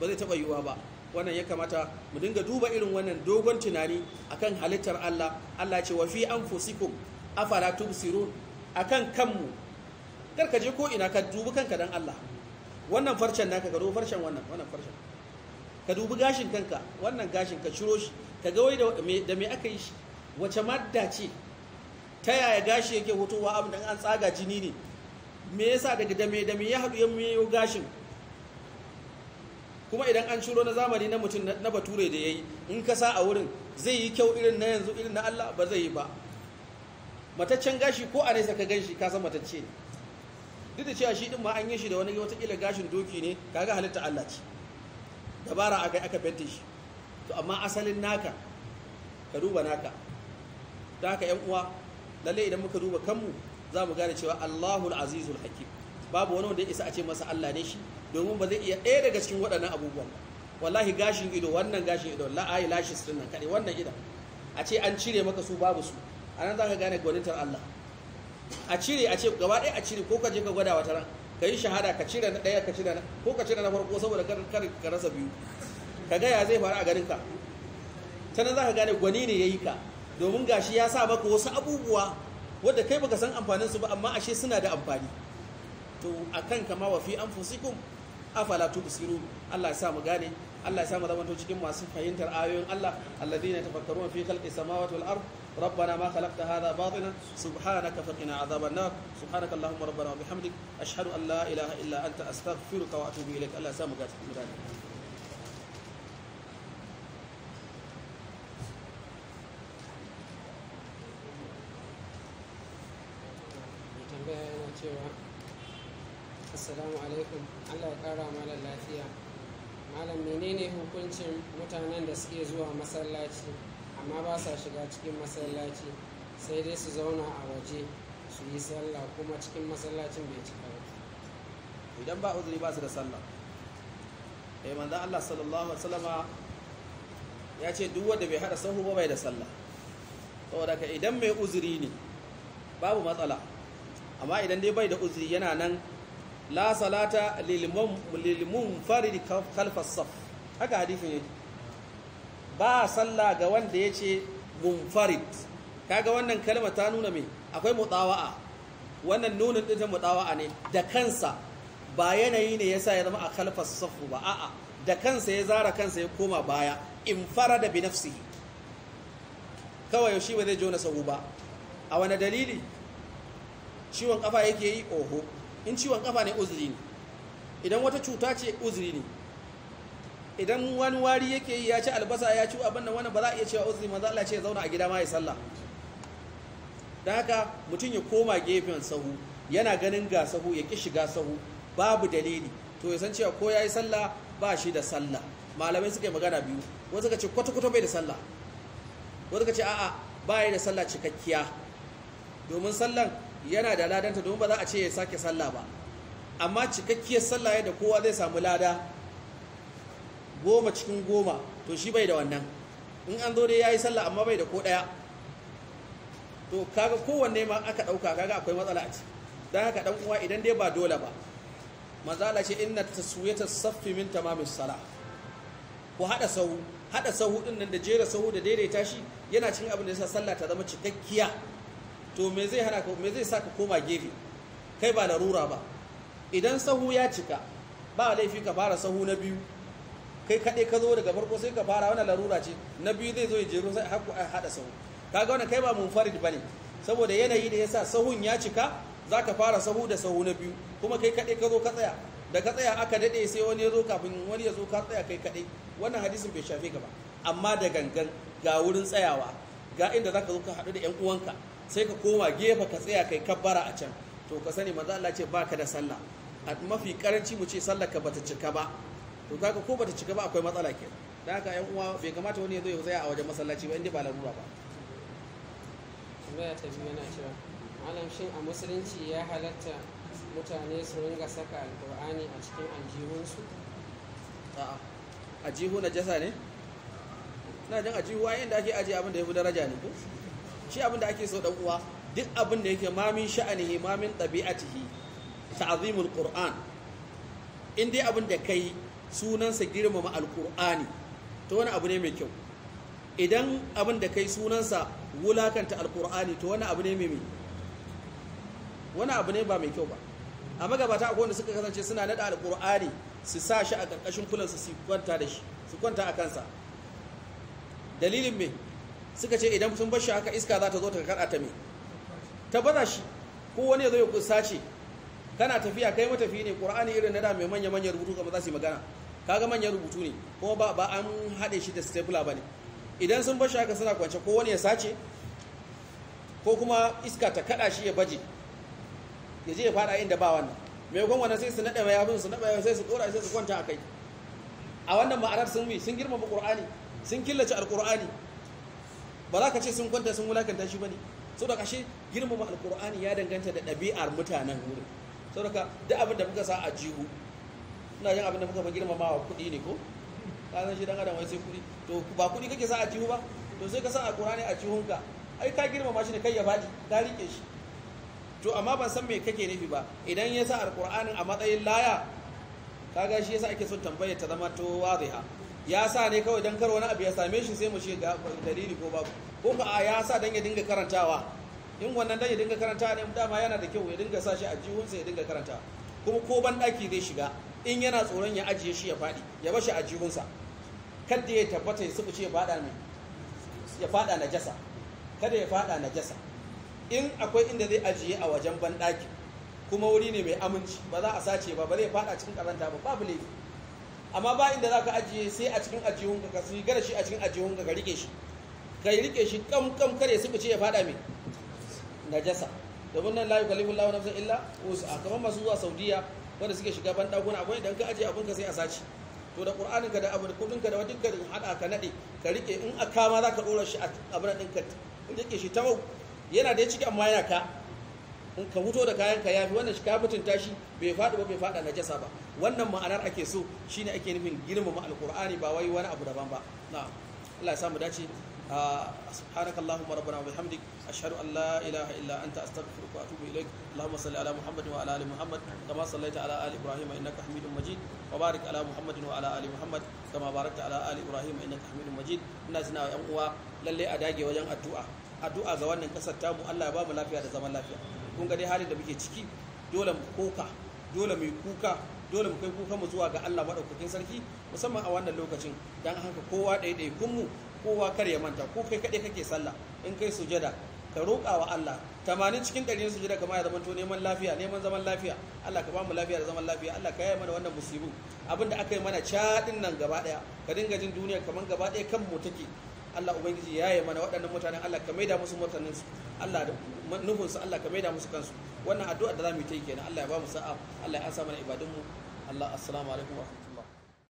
ba zai taɓa yiwa ba wannan ya kamata mu dinga duba irin wannan dogon tunani akan halittar Allah Allah ce wa fi anfusikum afala tubsirun akan kanmu kar je ko ina ka dubi kanka dan Allah wannan farcen naka ka dubi farcen wannan wannan farcen ka dubi gashin kanka wannan gashin ka ciro shi ka ga wai da me aka yi shi wace madda ce ta yaya gashi yake hutowa abin da an tsaga jini ne me yasa daga dame me ya haɗu ya miyo gashin kuma idan an ciro na zamani na mutum na bature da ya yi in ka sa a wurin zai yi kyau irin na yanzu irin na Allah ba zai yi ba mataccen gashi ko a nesa ka gan shi kasan matacce ne duk da cewa shi din ma an yi shi da wani watakila gashin doki ne kaga halitta Allah ce dabara aka aka fente shi to amma asalin naka ka duba naka da haka yan uwa lalle idan muka duba kanmu za mu gane cewa Allahul Azizul Hakim babu wani wanda ya isa a ce masa Allah ne shi domin ba zai iya ɗaya daga cikin waɗannan abubuwan wallahi gashin ido wannan gashin ido la'ayi lashis din nan kaɗai wannan ido. a ce an cire maka su babu su a nan za ka gane gwanitar Allah a cire a ce gaba ɗaya a cire ko ka je ka gwada wata ran ka yi shahada ka cire na ɗaya ka cire na ko ka cire na farko saboda kar ka rasa biyu ka ga ya zai faru a garin ka ta nan za ka gane gwani ne ya yi ka domin gashi ya sa maka wasu abubuwa wadda kai baka san amfanin su ba amma ashe suna da amfani to akan kama wa fi anfusikum afala tubsiru Allah ya sa mu gane Allah ya sa mu zamanto cikin masu fahimtar ayoyin Allah alladhina tafakkaruna fi khalqis samawati wal ardh ربنا ما خلقت هذا باطلا سبحانك فقنا عذاب النار سبحانك اللهم ربنا وبحمدك أشهد أن لا إله إلا أنت أستغفرك وأتوب إليك الله سامك أتوب tambaya yana cewa assalamu alaikum allah kara malam lafiya malam menene hukuncin mutanen da suke zuwa masallaci amma ba sa shiga cikin masallaci sai dai su zauna a waje su yi sallah kuma cikin masallacin bai cika ba idan ba uzuri ba su da sallah eh manzon Allah sallallahu alaihi wasallama ya ce duk wanda bai hada sahu ba bai da sallah saboda ka idan mai uzuri ne babu matsala amma idan dai bai da uzuri yana nan la salata lil munfarid khalfa saf haka hadisin yake ba a sallah ga wanda ya ce munfarid kaga wannan kalma ta nuna mai akwai mutawa'a wannan nunin ɗin ta mutawa'a ne da kansa ba yanayi ne ya sa ya zama a kalfar safu ba a'a da kansa ya zara kansa ya koma baya in fara da binafsi kawai shi ba zai jona sahu ba a wani dalili ciwon kafa yake yi oho in ciwon kafa ne uzuri ne idan wata cuta ce uzuri ne idan wani wari yake yi ya ci albasa ya ci abin da wani ba za a iya cewa uzuri manzo Allah ce ya zauna a gida ma ya sallah da haka mutum ya koma gefen sahu yana ganin ga sahu ya ki shiga sahu babu dalili to ya san cewa ko ya yi sallah ba shi da sallah malamai suka yi magana biyu wani suka ce kwata-kwata bai da sallah wani suka ce a'a ba ya da sallah cikakkiya domin sallan yana da ladanta domin ba za a ce ya sake sallah ba amma cikakkiyar sallah yadda kowa zai samu lada goma cikin goma to shi bai da wannan in an zo dai ya yi sallah amma bai da ko ɗaya to kaga kowanne ma aka ɗauka kaga akwai matsala a ci don haka ɗan uwa idan dai ba dole ba mazala ce inna taswiyata saffi min tamamis sala ku haɗa sahu haɗa sahu ɗin nan da jera sahu da daidaita shi yana cikin abin da yasa sallah ta zama cikakkiya to me zai hana ka me zai sa ka koma gefe kai ba larura ba idan sahu ya cika ba laifi ka fara sahu na biyu kai kaɗai ka zo daga farko sai ka fara wani larura ce na biyu zai zo ya jero sai haku a haɗa sahu kaga wani kai ba munfarid ne. saboda yanayi da yasa sahun ya cika zaka fara sahu da sahu na biyu kuma kai kaɗai ka zo ka tsaya da ka tsaya aka daɗe sai wani ya zo kafin wani ya zo ka tsaya kai kaɗai wannan hadisin bai shafe ka ba amma da gangan ga wurin tsayawa ga inda zaka zo ka haɗu da 'yan uwanka sai ka koma gefe ka tsaya kai kabbara a can to ka sani maza Allah ce baka da sallah mafi karanci mu ce sallar ka bata cika ba to kaga ko bata cika ba akwai matsala ke da haka ƴan uwa bai kamata wani ya zo ya tsaya a wajen masallaci ba inda ba larura ba tambaya ta biyu yana cewa malam shin a musulunci ya halatta mutane su ringa saka alkur'ani a cikin su a'a ajihu na jasa ne na jin ajihu wa inda ake ajiye abin da ya fi daraja ne ko shi abin da ake so dan uwa duk abin da yake mamin sha'anihi mamin tabi'atihi ta'zimul qur'an in dai abin da kai sunansa girmama alkur'ani ta wani abu ne mai kyau idan abin da kai sunansa wulakanta alkur'ani ta wani abu ne mai wani abu ne ba mai kyau ba a magabata akwai wanda suka kasance suna nada alkur'ani su sa shi a ƙarƙashin kulansu su kwanta da shi su kwanta a kansa dalilin me suka ce idan sun bar shi haka iska za ta zo ta kaɗa ta me ta baza shi ko wani ya zo ya ce kana tafiya kai matafi ne ƙur'ani irin na da mai manya manyan rubutu kama za su yi magana kaga manyan rubutu ne kuma ba ba an haɗe shi da stapler ba ne idan sun bashi haka suna kwance ko wani ya sace ko kuma iska ta kaɗa shi ya baje ya je ya faɗa inda ba wannan mai maimakon wannan sai su naɗa abin su naɗa mai sai su ɗora sai su kwanta a kai a wannan ma'arar sun mi sun girmama ƙur'ani sun killace alƙur'ani ba za ka ce sun kwanta sun wulakanta shi ba ne sau da kashe girmama alƙur'ani ya danganta da ɗabi'ar mutanen wurin sau da duk abin da muka sa a jihu ina jin abin da muka fa girmamawa kuɗi ne ko ka san shi don adam wai sai kuɗi to ba kuɗi kake sa a cihu ba to sai ka san ne a ka ai ka girmama shi ne kai ya faɗi ka rike shi to amma ban san me kake nufi ba idan ya sa alqur'anin a matsayin laya kaga shi yasa ake son tambayar ta zama to wadiha ya sa ne kawai dan kar wani abu ya same shi sai mu ce ga dalili ko babu ko ba ya sa dan ya dinga karantawa in wannan dan ya dinga karantawa ne dama yana da kyau ya dinga sa shi a jihunsa ya dinga karantawa kuma ko ban daki zai shiga in yana tsoron ya ajiye shi ya faɗi ya bashi a jibinsa kada ya tabbata ya sufuce ya faɗa ya faɗa na jasa kada ya faɗa na jasa in akwai inda zai ajiye a wajen banɗaki kuma wuri ne mai aminci ba za a sace ba ba zai faɗa cikin karanta ba babu laifi amma ba inda za ka ajiye sai a cikin ajihunka ka su gara shi a cikin ajihunka ka rike shi ka rike shi kam kam kare su ce ya faɗa mai najasa domin nan la yukallifu Allahu nafsan illa wus'a kamar masu zuwa Saudiya wanda suke shiga ban dakuna akwai idan ka aje abun sai a saci to da qur'aninka ka da abun kudin ka da wadin ka da hada ka nade ka rike in aka ma zaka dora shi a abun din ka rike shi ta yana da ciki amma yana ka in ka wuto da kayan ka yafi wannan shi ka mutunta shi bai fadi ba bai faɗa najasa ba wannan ma'anar ake so shine ake nufin girmama alqur'ani ba wai wani abu daban ba na Allah ya samu dace سبحانك اللهم ربنا وبحمدك أشهد أن لا إله إلا أنت أستغفرك وأتوب إليك اللهم صل على محمد وعلى آل محمد كما صليت على آل إبراهيم إنك حميد مجيد وبارك على محمد وعلى آل محمد كما باركت على آل إبراهيم إنك حميد مجيد يوم a dage wajen addu'a addu'a ga wannan kasar tamu Allah ya ba lafiya da zaman lafiya kun ga dai halin da muke ciki dole kuka mu zuwa ga Allah madaukakin sarki a wannan lokacin haka kowa mu kowa kar ya manta ko kai kaɗai kake sallah in kai sujada ka roƙa wa Allah tamanin cikin ɗari na sujada kamar ya to neman lafiya neman zaman lafiya Allah ka ba mu lafiya da zaman lafiya Allah ka yi mana wannan musibu abin da aka yi mana caɗin nan gaba ɗaya ka dinga jin duniya kamar gaba ɗaya kan mu take Allah ubangiji ya yi mana waɗannan mutanen Allah ka maida musu mutanen su Allah da nufin su Allah ka maida musu kansu wannan addu'a da za mu yi ta kenan Allah ya ba mu sa'a Allah ya ansa mana ibadun mu Allah assalamu alaikum wa